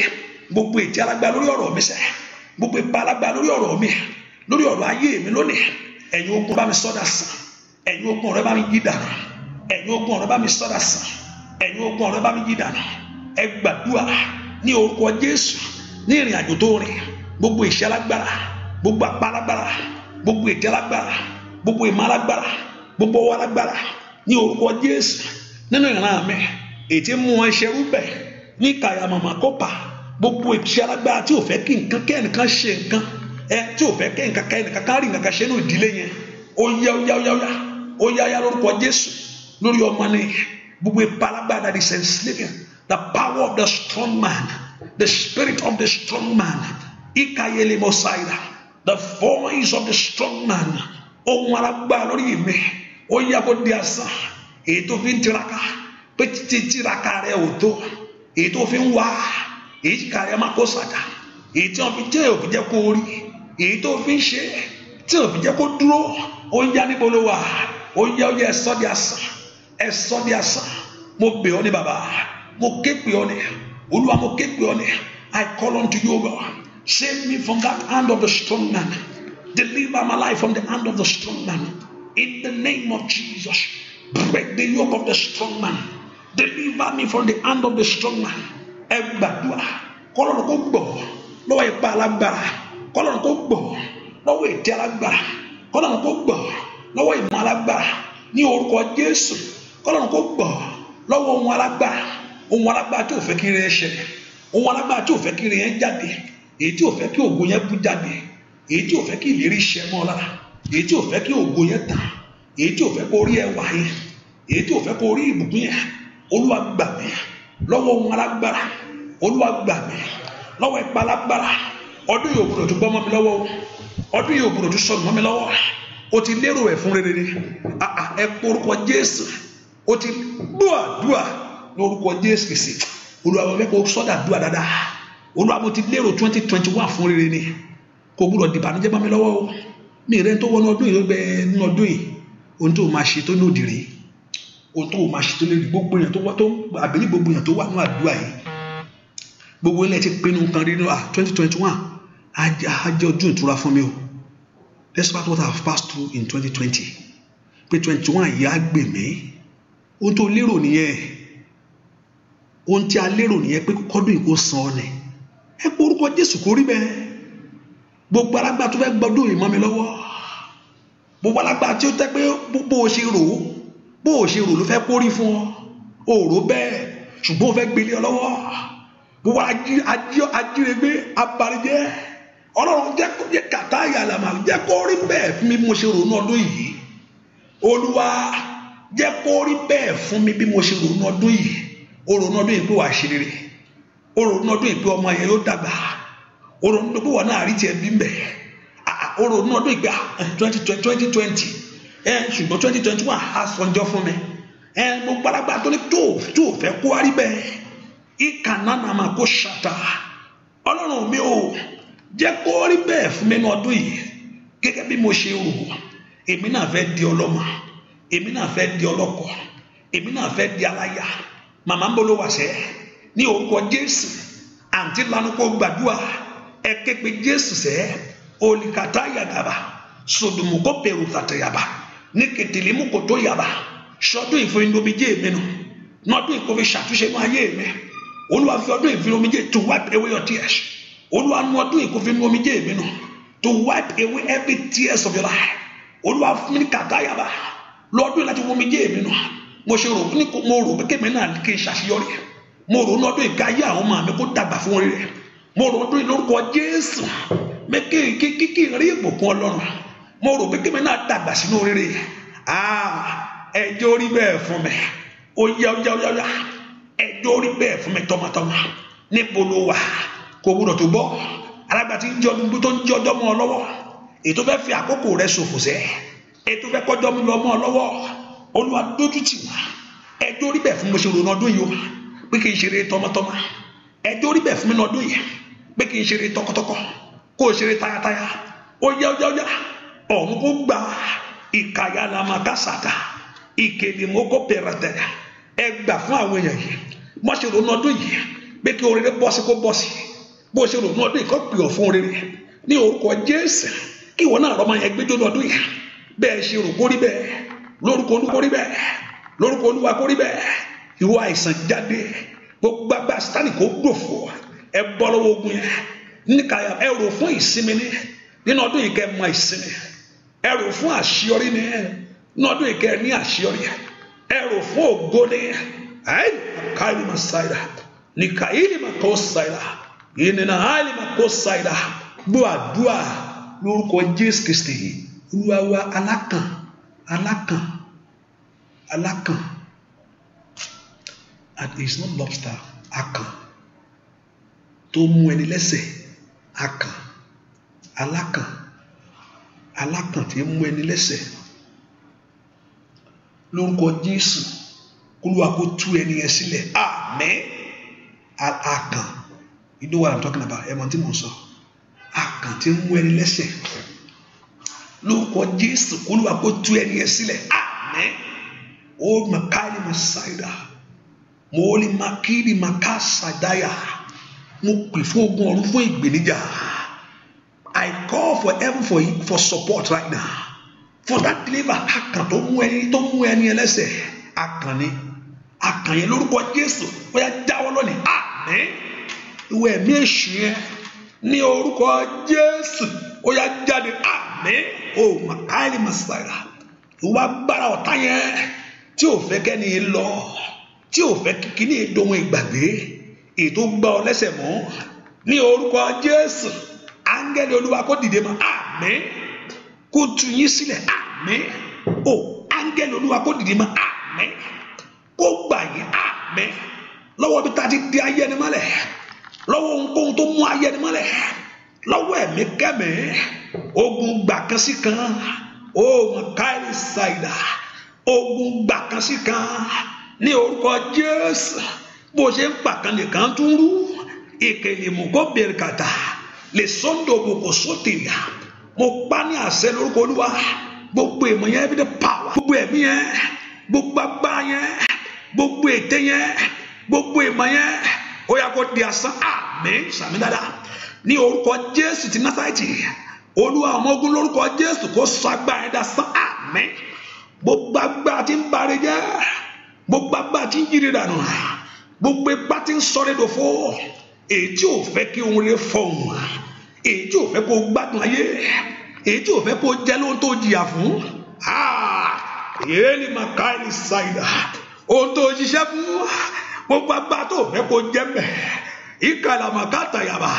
gbogbo ìtẹ́ alágbára lórí ọ̀rọ̀ mi sẹ́ gbogbo ìpa alágbára lórí ọ̀rọ̀ mi lórí ọ̀rọ̀ ayé mi lónìí ẹ̀yin ogun bá mi sọ́dà sàn ẹ̀yin ogun ọ̀rẹ́ bá mi yí dànù ẹ̀yin ogun ọ̀rẹ́ bá mi sọ́dà sàn ẹ̀yin ogun ọ̀rẹ́ bá mi yí dànù ẹ gbàdúrà ní orúkọ Jésù ní ìrìn àjò tó rìn gbogbo ìṣẹ́ alágbára gbogbo àpá alágbára gbogbo ètè alágbára gbogbo ìmọ̀ alágbára gbogbo ọwọ́ alágbára ní orúkọ Jésù nínú ìran mi ètè mú wọn ṣerú bẹ̀ ní kàyà màmá kópa gbogbo ìṣẹ́ alágbára tí ò fẹ́ kí nǹkan kẹ́ nǹkan ṣe nǹkan ẹ tí ò fẹ́ kí nǹkan kẹ́ nǹkan ká nǹkan ṣe ní ìdílé yẹn ó yá ó yá ó ó yáyá lórúkọ Jésù lórí ọmọ ni gbogbo ìpalagbada the sensation the power of the strong man the spirit of the strong man ikayele mosaira the voice of the strong man ohun alágbára lórí mi ó yá kó di asán èyí tó fi ń tiraka pé títí tiraka rẹ ò tó èyí tó fi ń wá èyí kàrẹ má kó sàdá èyí tí wọn fi jẹ òfi jẹ kó rí èyí tó fi ń ṣe tí òfi jẹ kó dúró ó ń yá níbo ló wà ó yẹ ó yẹ ẹsọ di àṣà ẹsọ di àṣà mo bẹ̀ ọ́ ní bàbá mo ké pè ọ́ ní olúwa mo ké pè ọ́ ní I call unto you o God save me from that hand of the strong man deliver my life from the hand of the strong man in the name of Jesus break the yoke of the strong man deliver me from the hand of the strong man ẹ gbàdúrà kọ́lọ́run kó gbọ́ lọ́wọ́ ipa alágbára kọ́lọ́run kó gbọ́ lọ́wọ́ ètè alágbára kọ́lọ́run kó gbọ́ lọ́wọ́ ìmọ̀ alágbára ní orúkọ Jésù kọ́lọ́run kó gbọ́ lọ́wọ́ ohun alágbára ohun alágbára tí ò fẹ́ kí irin yẹn ṣẹlẹ̀ ohun alágbára tí ò fẹ́ kí irin yẹn jáde èyí tí ò fẹ́ kí ògo yẹn bú jáde èyí tí ò fẹ́ kí ìlérí ṣẹ mọ́ lára èyí tí ò fẹ́ kí ògo yẹn tàn èyí tí ò fẹ́ kó rí ẹwà yẹn èyí tí ò fẹ́ kó rí ìbùkún yẹn Olúwa gbà mí lọ́wọ́ ohun alágbára Olúwa gbà mí lọ́wọ́ ipa ọdún yóò gbọdọ̀ tó gbọ́ mọ́ mi lọ́wọ́ ọdún yóò gbọdọ̀ tó sọ̀rọ̀ mọ́ mi lọ́wọ́ o ti lérò ẹ̀ fún rere ni ah, ah, ẹ porúkọ jésù o ti dùà dùà lórúkọ jésù kìsì olúwa mo fẹ́ kó sọ́dà dùà dáadáa olúwa mo ti lérò twenty twenty one fún rere ni kò gbúdọ̀ dìbànújẹ́ bá mi lọ́wọ́ o mi rẹ̀ tó wọnú ọdún yìí ló gbẹ nínú ọdún yìí ohun tó máa ṣe tó lòdì rèé ohun tó máa ṣe tó lòdì gbogbo èèyàn tó wá tó àbílí gbogbo èèyàn tó wà nínú àdúrà yìí gbogbo ilẹ̀ ti pinnu kan rí nínú twenty twenty one ajá ọdún ìtura fún mi o despite what I have passed through in 2020. twenty pé twenty one yìí á gbè mí ohun tó lérò nìyẹn ohun tí a lérò nìyẹn pé kọ́dún yìí kò san ọ nì ẹ pé orúkọ Jésù kò rí bẹ́ẹ̀ gbogbo alágbá tó fẹ́ gbọ́dún yìí mọ́ mi lọ́wọ́ gbogbo alágbá tí ó tẹ́ pé bó o ṣe rò ó bó o ṣe rò ló fẹ́ kórí fún ọ òòró bẹ́ẹ̀ ṣùgbọ́n o fẹ́ gbélé ọ lọ́wọ́ gbogbo ajínigbé abarijẹ́ ọlọ́run jẹ́ kàtá ìyàlámà jẹ́ kó rí bẹ́ẹ̀ fún mi bí mo ṣe rònú ọdún yìí olúwa jẹ́ kó rí bẹ́ẹ̀ fún mi bí mo ṣe rònú ọdún yìí o rònú ọdún yìí pé wàá ṣe rere o rònú ọdún yìí pé ọmọ yẹn yóò dàgbà o rònú ọdún pé wọ́n náà rí tiẹ̀ bí mbẹ̀ o rònú ọdún yìí pé ah, eh, twenty twenty twenty ẹ eh, ṣùgbọ́n twenty twenty one á sọjọ́ fún mi ẹ eh, mo gbàlagbà tó ní tó tó fẹ́ kó wá rí bẹ́ẹ̀ ìkànnà nàmà kó ṣàtà ọlọ́run mi ò jẹ́ kó rí bẹ́ẹ̀ fún mi ní ọdún yìí gẹ́gẹ́ bí mo ṣe rò èmi náà fẹ́ di ọlọ́mọ èmi náà fẹ́ di ọlọ́kọ èmi náà fẹ́ di aláya màmá ń bolo wàṣẹ ní orúkọ Jésù àǹtí lanukọ gbàdúrà ẹ képe Jésù sẹ olùkàtà yàgàbà sodùmùkọ pèrò tàtẹ yàbà ní kìtìlì mú kòtó yàbà sọdún ìfún indomijé mi nù nọdún ìkọfẹ ṣàtúnṣe máa yé mi olùwàfẹ ọdún ìfún indomijé tó wà ewé ọtí ẹsẹ olúwa nu ọdún yìí kò fi nu omijé mi nù to wipe away every tears of your life olúwa fún mi kàgáyàbá lọ́dún yìí láti wọ omijé mi nù mo ṣe rò ní mo rò pé kémi náà kí n ṣàṣeyọrí mo rò ní ọdún yìí káyé àwọn ọmọ mi kó dàgbà fún orí rẹ mo rò ọdún yìí lórúkọ jésù mi kí n kí kí n rí ìbùkún ọlọ́run mo rò pé kémi náà dàgbà sínú orí ẹjọ́ ah, orí bẹ́ẹ̀ fún mi ó yá ó yá ó yá ẹjọ́ orí bẹ́ẹ̀ fún mi tọmọtọmọ níbo ló wà kò gbúdọ̀ tó gbọ́ alágbà tí ń jọ tó ń jọ ọjọ́ mọ́ ọ lọ́wọ́ ètò fẹ́ fi àkókò rẹ ṣòfò sẹ́ ètò fẹ́ kọjọ́ lọ mọ́ ọ lọ́wọ́ olúwa dójú tì wá ẹjọ́ orí bẹ̀ fún mo ṣe rònà ọdún yìí o pé kì í ṣeré tọmọtọmọ ẹjọ́ orí bẹ̀ fún mi lọ́dún yìí pé kì í ṣeré tọkọtọkọ kó o ṣeré tayataya ó yá ó yá ọ̀hún kó gbà ìkàyà làmàkàsàkà ìkéde mọ́kó pẹ̀rẹ̀tẹ̀ ẹ fún àwọn èèyàn yìí mo ṣe rònà ọdún yìí pé kí oríire bọ́sí kó bọ́sí bó ṣe rò ní ọdún ìkọ́ pè ọ́ fún rere ní orúkọ jésù kí ìwọ náà rọmọ yẹn gbẹjọ lọdún yìí bẹ́ẹ̀ ṣe rò kórí bẹ́ẹ̀ lórúkọ olúwa kórí bẹ́ẹ̀ lórúkọ olúwa kórí bẹ́ẹ̀ irú àìsàn jáde gbogbo agbá sítánì kò gbòfò ẹ bọ́ lọ́wọ́ ogun yẹn níkàyà ẹ rò fún ìsinmi ní nínú ọdún yìí kẹ́ mọ ìsinmi ẹ rò fún àṣeyọrí ní nínú ọdún yìí kẹ́ ní àṣeyọrí ẹ rò fún ògo ní ẹ kàyè mà sáyà nìkàyè mà kọ́ sáyà ìnìnà àìlèmọ̀ kó ṣàìdá gbọ́ àdúà lórúkọ Jésù Kristi Olúwa wa alákàn alákàn alákàn and it is not lobster akàn tó mú ẹni lẹ́sẹ̀ akàn alákàn alákàn tí mú ẹni lẹ́sẹ̀ lórúkọ Jésù Olúwa kó tú ẹni yẹn sílẹ̀ àmín akàn you know what i'm talking about ẹ mọ tí mo sọ àkàn tí ń mú ẹni lẹ́sẹ̀ lórúkọ jésù olúwa kó tú ẹni ẹ sílẹ̀ àmín ó màkàlì màsáìdà mo ó lè màkìlì màkàsàdáyà mo pè fún ogun ọ̀run fún ìgbènijà i call for heaven for, for support right now for that deliver àkàn tó mú ẹni tó mú ẹni ẹ lẹ́sẹ̀ àkàn ni àkàn yẹn lórúkọ jésù ó yá jáwọ́ lónìí àmín ìwọ ẹ̀mí èṣù yẹn ní orúkọ Jésù ó yá jáde àmín o màkàlì màsàrà ìwà bára ọ̀tá yẹn tí ò fẹ́ kẹ́ni lọ tí ò fẹ́ kíkíní ìdohun ìgbàgbé ètò gbá ọ lẹ́sẹ̀ mọ́ ní orúkọ Jésù áńgẹ́lì Olúwa kó dìde mọ́ àmín kó tú yín sílẹ̀ àmín o áńgẹ́lì Olúwa kó dìde mọ́ àmín kó gbà yín àmín lọ́wọ́ bí tá a ti di ayé ẹni mọ́lẹ̀ lọ́wọ́ ohunkóhun tó mú ayé ẹni mọ́lẹ̀ lọ́wọ́ ẹ̀mí kẹ́mí ogun gbà kan sí kan ohun káyọ̀ ṣàìdá ogun gbà kan sí kan ní orúkọ Jésù bó ṣe ń pàkan nìkan tún rú ìkèlèmù kó bèrè kàtà lè sọ́ńdọ̀ bò kò sótìlà mo pa ní àṣẹ lórúkọ Olúwa gbogbo ìmọ̀ yẹn bí dé pàwọ́ gbogbo ẹ̀mí yẹn gbogbo agbá yẹn gbogbo ète yẹn gbogbo ìmọ̀ yẹn ó yá kó di asán àmín sàmì dáadáa ní orúkọ jésù ti násàìtì olúwa ọmọ ogun lórúkọ jésù kó sọ agbára ẹ̀dá sán àmín gbogbo agbára tí ń bari jẹ́ gbogbo agbára tí ń yiri dànù gbogbo ipá tí ń sọ rédò fún èyí tí ò fẹ́ kí òun lè fọ̀hún èyí tí ò fẹ́ kó gbádùn ayé èyí ò fẹ́ kó jẹ́ lóhun tó jìyà fún ah! èyí ni màkà ẹni ṣàìdá ohun tó ṣiṣẹ́ fún gbogbo agbá tó fẹ́ kó jẹ́ mẹ́ ìkàlàmà kàtàyàmà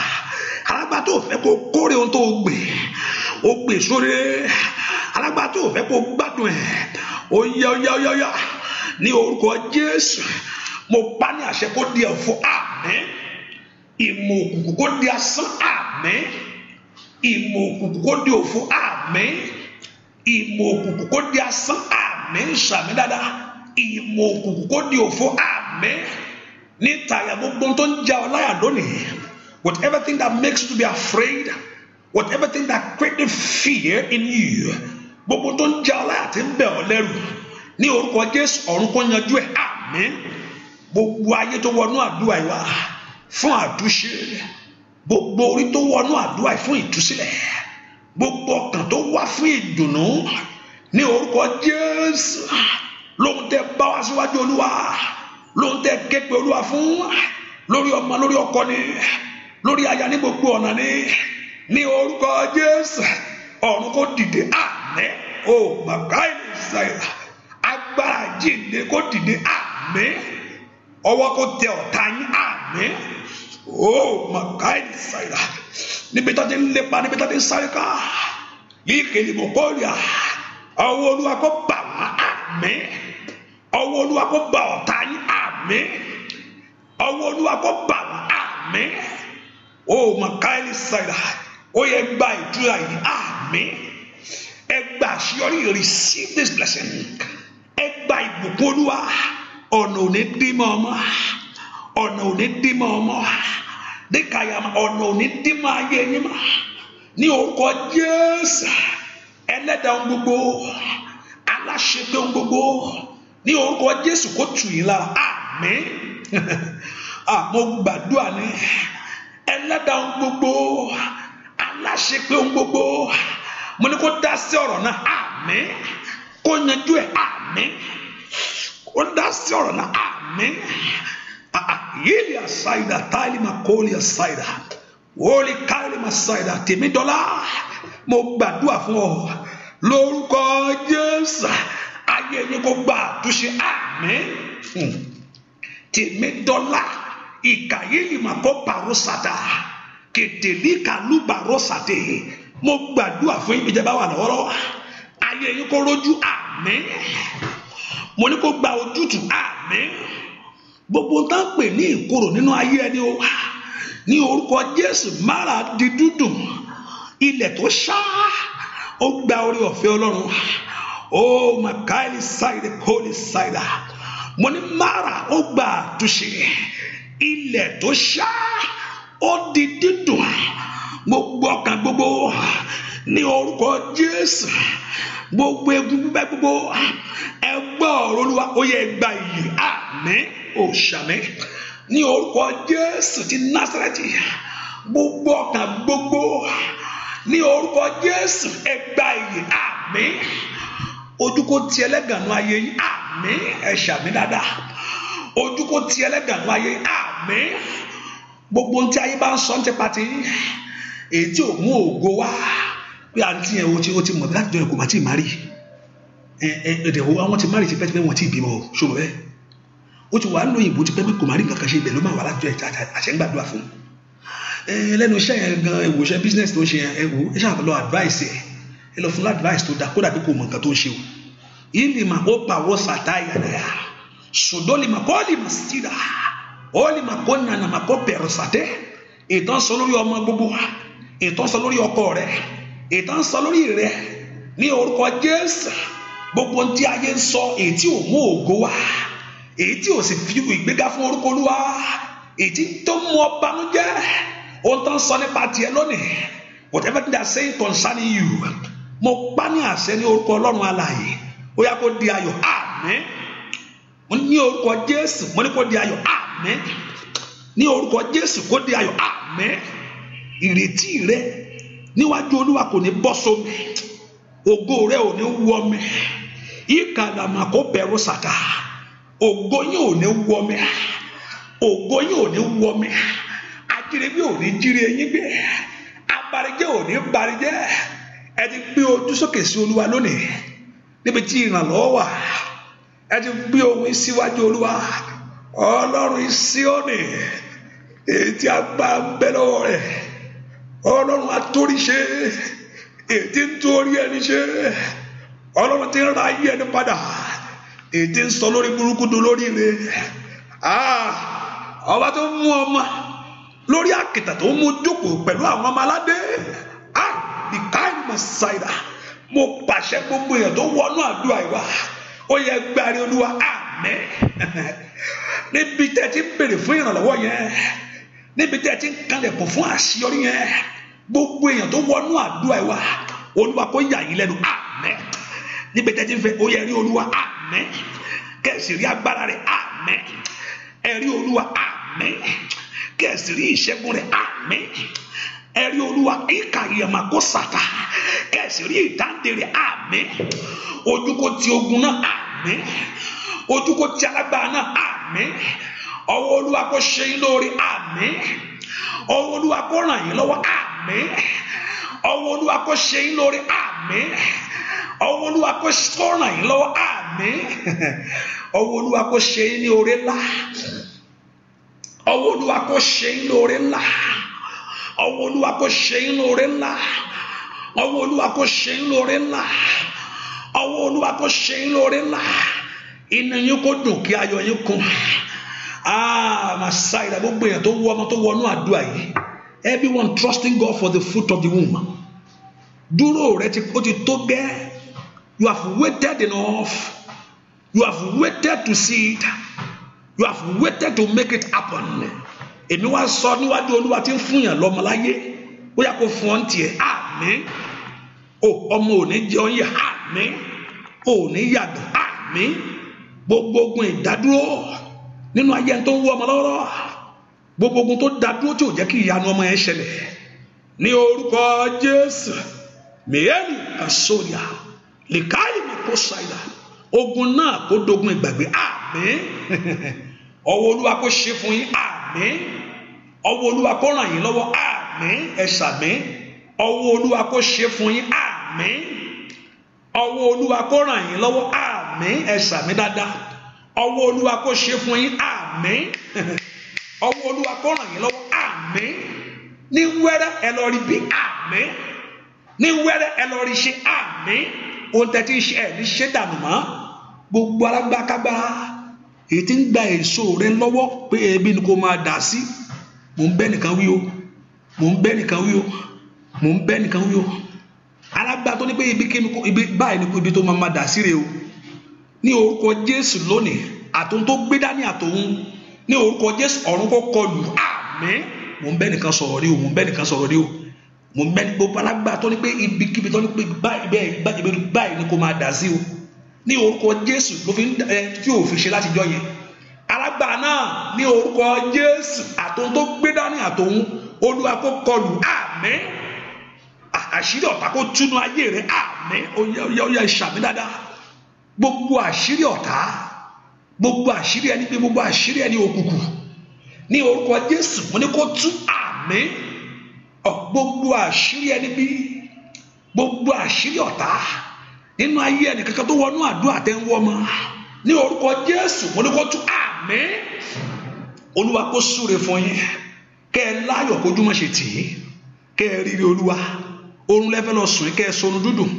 alágbá tó fẹ́ kó kórè ohun tó gbè ó gbè sórí alágbá tó fẹ́ kó gbádùn ẹ̀ ó yá ó yá ó yá ó yá ní orúkọ Jésù mo pa ní àṣẹ kó di ẹ̀fọ́ àmín ìmọ̀ òkùnkùn kó di asán àmín ìmọ̀ òkùnkùn kó di òfo àmín ìmọ̀ òkùnkùn kó di asán àmín sàmì dáadáa ìmọ̀ òkùnkùn kó di òfo àmín àmín ní tààyà gbogbo tó ń ja ọ láyà lónìí whatever thing that makes you be afraid whatever thing that create fear in you gbogbo tó ń ja ọ láyà tí ń bẹ̀ ọ lẹ́rù ní orúkọ Jésù ọ̀run kò yanjú ẹ̀ àmín gbogbo ayé tó wọnú àdúrà yìí wá fún àtúnṣe gbogbo orí tó wọnú àdúrà yìí fún ìtúsílẹ̀ gbogbo ọkàn tó wá fún ìdùnnú ní orúkọ Jésù lóhun tẹ bá wá síwájú Olúwa ló ń tẹ́ képe olúwa fún lórí ọmọ lórí ọkọ ni lórí aya ní gbogbo ọ̀nà ni ní orúkọ jésù ọ̀run kò dìde àmín o màgáì ní israẹl agbára jíǹde kò dìde àmín ọwọ́ kò tẹ ọ̀tá yín àmín o màgáì ní israẹl níbi tó ti ń lépa níbi tó ti ń sáré ká yìí kèlè ọwọ́ olúwa kò bà wá àmín ọwọ́ olúwa kó bá ọ̀tá yín àmín ọwọ́ olúwa kó bá wọn àmín o mọ̀káìlì sàrà ó yẹ gba ìtura yìí àmín ẹ gba àṣeyọrí receive this blessing ẹ gba ìbùkún olúwa ọ̀nà òní dímọ̀ ọmọ ọ̀nà òní dímọ̀ ọmọ dika ya ọ̀nà òní dímọ̀ ayé yín mọ̀ ní orúkọ Jésù ẹlẹ́dàá ohun gbogbo aláṣetò ohun gbogbo ní orúkọ jésù kó tù yín lára àmín mo gbàdúrà ní ẹlẹ́dàá ohun gbogbo aláṣepé ohun gbogbo mo ní kó dá sí ọ̀rọ̀ náà àmín kó yanjú ẹ̀ àmín kó dá sí ọ̀rọ̀ náà àmín yìí àṣàyìdá táìlì máa kó lè àṣàyìdá káìlì máa ṣàyìdá tèmi dọ́là mo gbàdúrà fún ọ lórúkọ jésù ayé yín kó gba àtúnṣe àmín hmm. Tèmídọ́là ìkàyéyìí mà kó bàró sàdá kèdèlí kàlú bàró sàdé mo gbàdúrà fún yín ìjẹba wà lọ́wọ́lọ́wọ́ ayé yín kó rójú àmín mo ní kó gba ojútùú àmín gbogbo tá ń pè ní ìkorò nínú ayé ẹni o ní orúkọ Jésù mára di dúdùn ilẹ̀ tó ṣá ó gba orí ọ̀fẹ́ Ọlọ́run oh my God side holy side mo ní mara ó gba àtúnṣe ilẹ̀ tó ṣá ó di dídùn gbogbo ọkàn gbogbo ní orúkọ Jésù gbogbo egun gbígbẹ gbogbo ẹgbẹ́ ọ̀rọ̀ Olúwa ó yẹ gba ìyè àmín òṣàmì ní orúkọ Jésù ti Násárẹ́tì gbogbo ọkàn gbogbo ní orúkọ Jésù ẹ gba ìyè ojú kò ti ẹlẹ́gànú ayé yín àmín ẹ ṣàmì dáadáa ojú kò ti ẹlẹ́gànú ayé yín àmín gbogbo ohun tí ayé bá ń sọ ń tipa ti yín èyí tí ò mú ògo wá pé àǹtí yẹn o ti o ti mọ̀ láti jọ ẹ̀kọ́ màtí ìmárì ẹ ẹ ẹ̀dẹ̀ wo àwọn ti márì ti pẹ́ẹ́tipẹ́ wọn ti bímọ o ṣòro bẹ́ẹ̀ o ti wà lóyìn ìbò ti pẹ́ẹ́pẹ́ kò má rí kankan ṣe ibẹ̀ ló máa wà láti jọ ẹ̀ta àṣẹ́ngbàdúrà fún ẹ lẹ́nu iṣẹ́ yẹn gan ẹ̀wò iṣẹ́ business tó ń ṣe yẹn ẹ̀wò ẹ ṣàlọ́ advice yẹn ẹ lọ fún advice tó dáa kó dàbí kò mọ nǹkan tó ń ṣe o ìlì mà ó pa wọ́ sàtá ìyànà ṣùdó lè mà kó lè mà sí ra ó lè mà kó nànà mà kó bẹ̀rù sàtẹ́ ìtàn sọ lórí ọmọ gbogbo wa ìtàn sọ lórí ọkọ rẹ ìtàn sọ lórí rẹ ní orúkọ Jésù gbogbo tí ayé ń sọ èyí tí ò mú ògo wá èyí tí ò sì fi ìgbéga fún orúkọ Olúwa èyí tó mú ọ ohun tó ń sọ nípa tiẹ̀ lónìí whatever they are saying concerning you. mo pa ní àṣẹ ní orúkọ ọlọ́run alààyè ó yá kó di ayọ̀ àmín mo ní orúkọ jésù mo kó di ayọ̀ àmín ní orúkọ jésù di ayọ̀ ìrètí rẹ níwájú olúwa kò ní bọ́ sómi ògo rẹ ò ní wọmi ìkàlàmà kó bẹ̀rù sàkà ògo yín ò ní wọmi ògo yín ò ní wọmi ò ní yín gbé abarijẹ́ ò ẹ ti gbé ojú sókè sí olúwa lónìí níbi tí ìrànlọ́wọ́ wà ẹ ti gbé ohùn síwájú olúwa ọlọ́run síọ́nì èyí tí a bá ń bẹ lọ́wọ́ rẹ̀ ọlọ́run atóríṣe èyí tí ń torí ẹni ṣe ọlọ́run ti ń ra ayé ẹni padà èyí tí ń sọ lórí burúkú do lórí rẹ̀ ọba tó mú ọmọ lórí àkìtà tó mú jókòó pẹ̀lú àwọn ọmọ aládé ìka àkùsàìdà mo pàṣẹ gbogbo èèyàn tó wọnú àdúrà ìwà ó yẹ gbárí olúwa àmín níbi tẹ́ ti ń béèrè fún ìrànlọ́wọ́ yẹn níbi tẹ́ ti ń kalẹ̀kùn fún àṣeyọrí yẹn gbogbo èèyàn tó wọnú àdúrà ìwà olúwa kó yà yín lẹ́nu àmín níbi tẹ́ ti ń fẹ́ ó yẹ rí olúwa àmín kẹ̀sì rí agbára rẹ̀ àmín ẹ̀rí olúwa àmín kẹ̀sì rí ìṣẹ́gun rẹ̀ àmín. ẹ̀rí olúwa ìkà yẹ̀mà kó sàtà kẹ̀sì rí ìdáǹdè rẹ̀ ojúkó ti ogun náà àmín ojúkó ti alágbára náà àmín ọwọ́ olúwa kó ṣe yín lórí àmín ọwọ́ olúwa kó ràn yín lọ́wọ́ àmín ọwọ́ ṣe yín lórí ọwọ́ olúwa kó ṣe yín ọwọ́ olúwa kò ṣe yín lóore ńlá ọwọ́ olúwa kò ṣe yín lóore ńlá ọwọ́ olúwa kò ṣe yín lóore ńlá inú yín kò dùn kí ayọ̀ yín kún ah, màsá ìdá gbogbo èèyàn tó wọ ọmọ tó wọnú àdúrà yìí everyone trusting God for the foot of the womb dúró rẹ ti ó ti tó gẹ́ you have waited enough you have waited to see it you have waited to make it happen èmi wá sọ níwájú olúwa tí ń fún yàn lọ́mọ láyé ó yà kó fún ọ ń tiẹ̀ àmín o ọmọ ò ní jẹ ọ ń yà àmín o ò ní yàgbẹ́ àmín gbogbo ogun ìdádúró nínú ayé tó ń wú ọmọ lọ́rọ́ gbogbo ogun tó dádúró tí ò jẹ́ kí ìyanu ọmọ yẹn ṣẹlẹ̀ ní orúkọ Jésù mìíràn àsọyà lìkàlì mi ogun náà kó dogun ìgbàgbé àmín ọwọ́ olúwa kó ṣe fún yín àmín àmín ọwọ́ olúwa kó ràn yín lọ́wọ́ àmín ẹ ṣàmín ọwọ́ olúwa kó ṣe fún yín àmín ọwọ́ olúwa kó ràn yín lọ́wọ́ àmín ẹ ṣàmín dáadáa ọwọ́ olúwa kó ṣe fún yín àmín ọwọ́ olúwa kó ràn yín lọ́wọ́ àmín ní wẹ́rẹ́ ẹ lọ rí bí àmín ní wẹ́rẹ́ ẹ lọ rí ṣe àmín ohun tẹ́tí ṣe ẹ̀ ní ṣe dànù mọ́ gbogbo alágbákágbá èyí tí ń gba èso rẹ lọ́wọ́ pé ẹbí ni kò máa dà sí mò ń bẹ́ nìkan wí o mò ń bẹ́ nìkan wí o mò ń bẹ́ nìkan wí o alágbá tó ní pé ibi kíni ibi báyìí ni ibi tó máa máa dà sí rẹ o ní orúkọ Jésù lónìí àtòun tó gbé dání àtòun ní orúkọ Jésù ọ̀run kò kọlù àmín mò ń bẹ́ nìkan sọ̀rọ̀ rí o mò ń bẹ́ nìkan sọ̀rọ̀ rí o mò ń bẹ́ ní gbogbo alágbá tó ní pé ibi kíbi tó ní o ní orúkọ jésù ló fi ń ẹ tí ò fi ṣe látijọ́ yẹn alágbára náà ní orúkọ jésù àtòun tó gbé dání àtòun olúwa kó kọlù àmín àṣírí ọ̀tá kó túnú ayé rẹ àmín oyè oyè ìṣàmì dáadáa gbogbo àṣírí ọ̀tá gbogbo àṣírí ẹni pé gbogbo àṣírí ẹni òkùnkùn ní orúkọ jésù mo ní kó tú àmín gbogbo àṣírí ẹni bí gbogbo àṣírí ọ̀tá nínú ayé ẹnìkankan tó wọnú àdúrà tẹ́ ń wọ́ mọ́ ní orúkọ Jésù mo ní kó tú àmín olúwa kó súre fún yín kẹ́ ẹ láyọ̀ kójú mọ́ ṣe tì í kẹ́ ẹ rírí olúwa oorun lẹ́fẹ́ lọ sùn kẹ́ ẹ sọnù dúdùn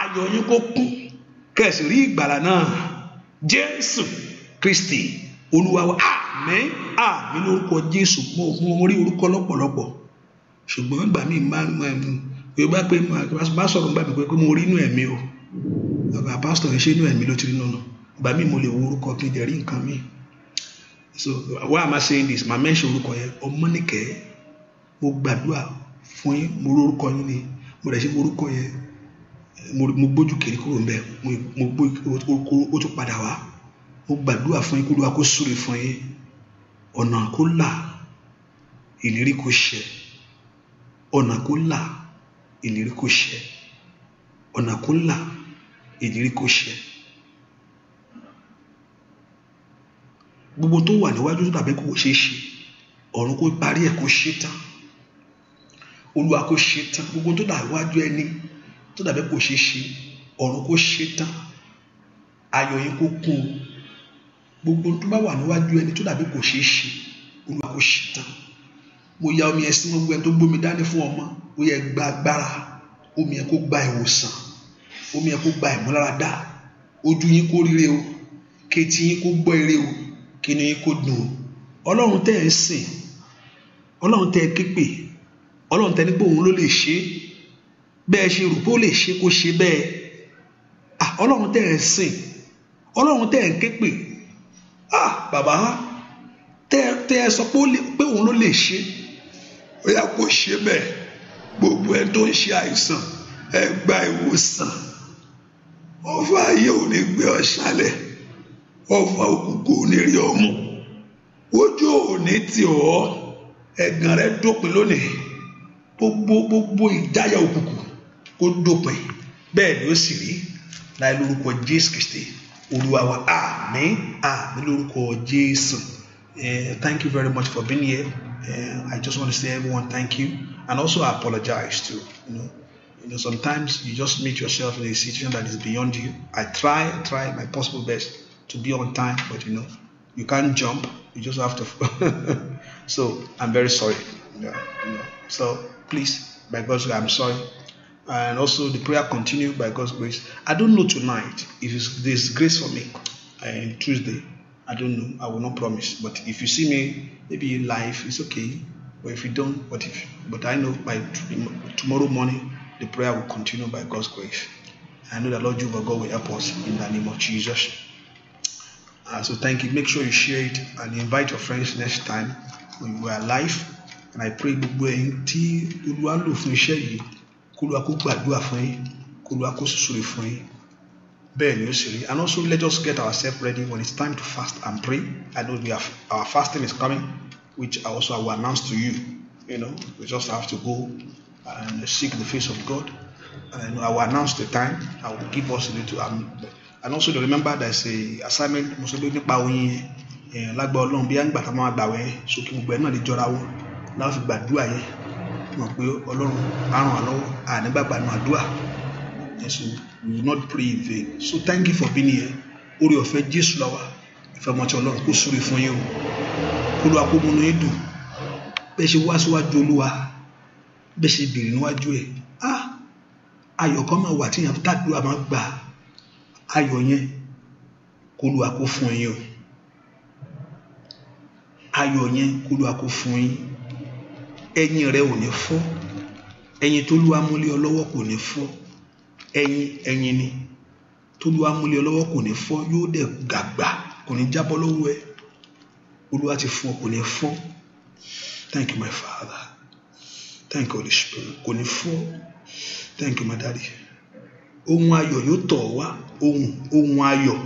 ayọ̀ yín kó kún kẹ́ ẹ sì rí ìgbàlà náà Jésù Kristi olúwa wa àmín àmín lórúkọ Jésù mo rí orúkọ lọ́pọ̀lọpọ̀ ṣùgbọ́n ìgbà míì máa ń mọ ẹ̀mú yorùbá pé má sọ̀rọ̀ nígbà mi pé mo rí inú ẹ̀mí o ọba pásítọ̀ ṣé inú ẹ̀mí ló ti rí nínú ìgbà míì mo lè wo orúkọ kí n jẹ́ rí nǹkan míì so why am I saying this màá mention orúkọ yẹn Ọmọ́nìkẹ́ mo gbàdúrà fún yín mo rí orúkọ yín ni mo rẹ̀ ṣe mo orúkọ yẹn mo gbójú kiri kúrò mbẹ mo gbó ó tún padà wá mo gbàdúrà fún yín kó lóra kó súre fún yín ọ̀nà kó là ìlérí kó ṣẹ ọ̀nà kó là ìlérí kó ṣẹ ọ̀nà kó là ìdíríkóṣe gbogbo tó wà níwájú tó dàbí kò ṣeé ṣe ọ̀run kó parí ẹ̀ kó ṣe tán olúwa kó ṣe tán gbogbo tó dàwájú ẹni tó dàbí kò ṣeé ṣe ọ̀run kó ṣe tán ayọ̀ yín kó kún o gbogbo tó bá wà níwájú ẹni tó dàbí kò ṣeé ṣe olúwa kó ṣe tán mo ya omi ẹ sínú gbogbo ẹni tó gbómi dání fún ọmọ ó yẹ gba agbára omi ẹ kó gba ìwòsàn omi yẹn kó gba ìmúláradá ojú yín kó ríre o kẹ́tí yín kó gbọ́ ire o kínú yín kó dùn o ọlọ́run tẹ́ ẹ ń sìn ọlọ́run tẹ́ ẹ képe ọlọ́run tẹ́ ẹ ní pé òun ló lè ṣe é bẹ́ẹ̀ ṣe rò pé ó lè ṣe kó ṣe bẹ́ẹ̀ ọlọ́run tẹ́ ẹ ń sìn ọlọ́run tẹ́ ẹ ń képe bàbá tẹ́ ẹ sọ pé òun ló lè ṣe ó yá kó ṣe bẹ́ẹ̀ gbogbo ẹ tó ń ṣe àìsàn ẹ gba ìwòsàn ọfà ayé ò ní gbé ọ ṣálẹ̀ ọfà òkùnkùn ò ní rí ọ mú ojú ò ní tì ọ ẹ̀gàn rẹ dópin lónìí gbogbo gbogbo ìdáyà òkùnkùn kó dópin bẹ́ẹ̀ ni ó sì rí láì lórúkọ Jésù Kristi olúwa wa àmín lórúkọ Jésù eh, thank you very much for being here uh, I just want to say everyone thank you and also I apologize too. You know, You know, sometimes you just meet yourself in a situation that is beyond you. I try, try my possible best to be on time, but you know, you can't jump. You just have to. so I'm very sorry. You know, you know. So please, by God's grace, I'm sorry. And also the prayer continue by God's grace. I don't know tonight if there's grace for me on eh, Tuesday. I don't know. I will not promise. But if you see me, maybe life it's okay. But if you don't, what if? But I know by tomorrow morning The prayer will continue by God's grace. I know that Lord Jehovah God will help us in the name of Jesus. Uh, so thank you. Make sure you share it and invite your friends next time when we are live. And I pray gbogbo ẹ̀yin tí Olúwa lò fún iṣẹ́ yìí kó Olúwa sì rí. And also let us get ourselves ready when it's time to fast and pray. I know we have, our fasting is coming which I also I will announce to you. You know, we just have to go and seek the face of God. And I know I will announce the time. I will give us the to um, and also to remember there's a assignment mo sọ pé nípa oyin yẹn eh, lágbá Ọlọ́run bí àgbà tá a máa gbà the sókè gbogbo ẹ náà lè jọra wọn láwọn fi gbàdúrà yẹn and pé Ọlọ́run á ràn wá so we will not pray in vain so thank you for being here orí ọ̀fẹ́ Jésù làwà ìfẹmọtì Ọlọ́run kó súre fún yín o kó lọ àpò mọnà yín dùn bẹ́ẹ̀ ṣe wá síwájú Olúwa bẹ́ẹ̀ ṣe bèrè níwájú ẹ̀ á ayọ̀ kan máa wà tí èèyàn tàdúrà máa gbà ayọ̀ yẹn kó lu àkó fún yín o ayọ̀ yẹn kó lu àkó fún yín ẹ̀yìn rẹ ò ní fọ́ ẹ̀yìn tó lu amúlé ọlọ́wọ́ kò ní fọ́ ẹ̀yìn ẹ̀yìn ni tó lu amúlé ọlọ́wọ́ kò ní fọ́ yóò dẹ̀ gàgbà kò ní jábọ́ lọ́wọ́ ẹ olúwa ti fún ọ kò ní fọ́ thank you my father thank you holy spirit kò ní fọ́ thank you my daddy ohun ayọ̀ yóò tọ̀ wá ohun ohun ayọ̀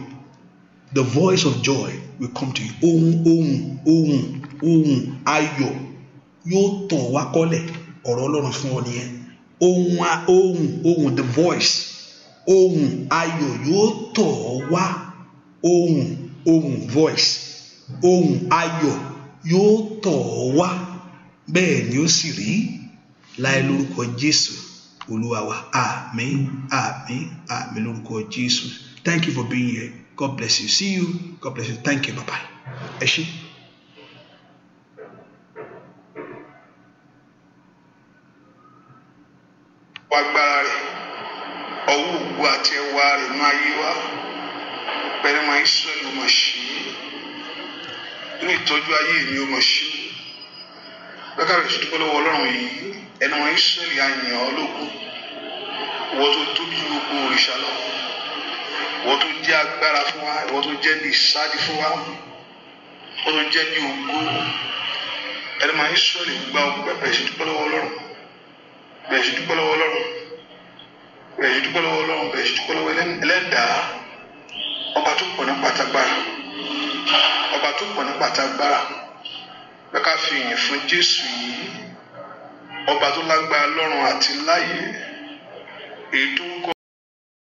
the voice of joy will come to you ohun ohun ohun ohun ayọ̀ yóò tọ̀ wá kọ́lẹ̀ ọ̀rọ̀ ọlọ́run fún ọ nìyẹn ohun ohun ohun the voice ohun ayọ̀ yóò tọ̀ wá ohun ohun voice ohun ayọ̀ yóò tọ̀ wá bẹ́ẹ̀ ni ó sì rí láì lórúkọ Jésù Olúwa wa àmín àmín àmín lórúkọ Jésù thank you for being here God bless you see you God bless you thank you bye bye ẹ ṣé. agbára rẹ̀ ọwọ́ ògbó àti ẹwà rẹ̀ máa yé wa pẹ̀lú máa ń sọ ẹ̀lú mọ̀ nínú ìtọ́jú ayé mi ò mọ̀ sí i lọ́kàrẹ̀ ìṣèdúpọ̀ lọ́wọ́ Ọlọ́run yìí ẹnu wọn Ísírẹ́lì àyàn ológun ìwọ tó tóbi gbogbo òrìṣà lọ ìwọ tó jẹ́ agbára fún wa ìwọ tó jẹ́ ní ìsádi fún wa ìwọ tó jẹ́ ní ògo ẹnu wọn Ísírẹ́lì gba ọgbẹ́ bẹ̀rẹ̀ sí dúpẹ́ lọ́wọ́ Ọlọ́run bẹ̀rẹ̀ sí dúpẹ́ lọ́wọ́ Ọlọ́run bẹ̀rẹ̀ sí dúpẹ́ lọ́wọ́ Ọlọ́run bẹ̀rẹ̀ sí dúpẹ́ lọ́wọ́ ẹlẹ́dàá ọba tó pọ̀ ní pátágbára ọba tó pọ̀ ní pátágbára bẹ́ẹ̀ ká fi ìyìn fún Jésù yìí ọba tó lágbára lọ́run àti láyé èyí tó ń kọ́.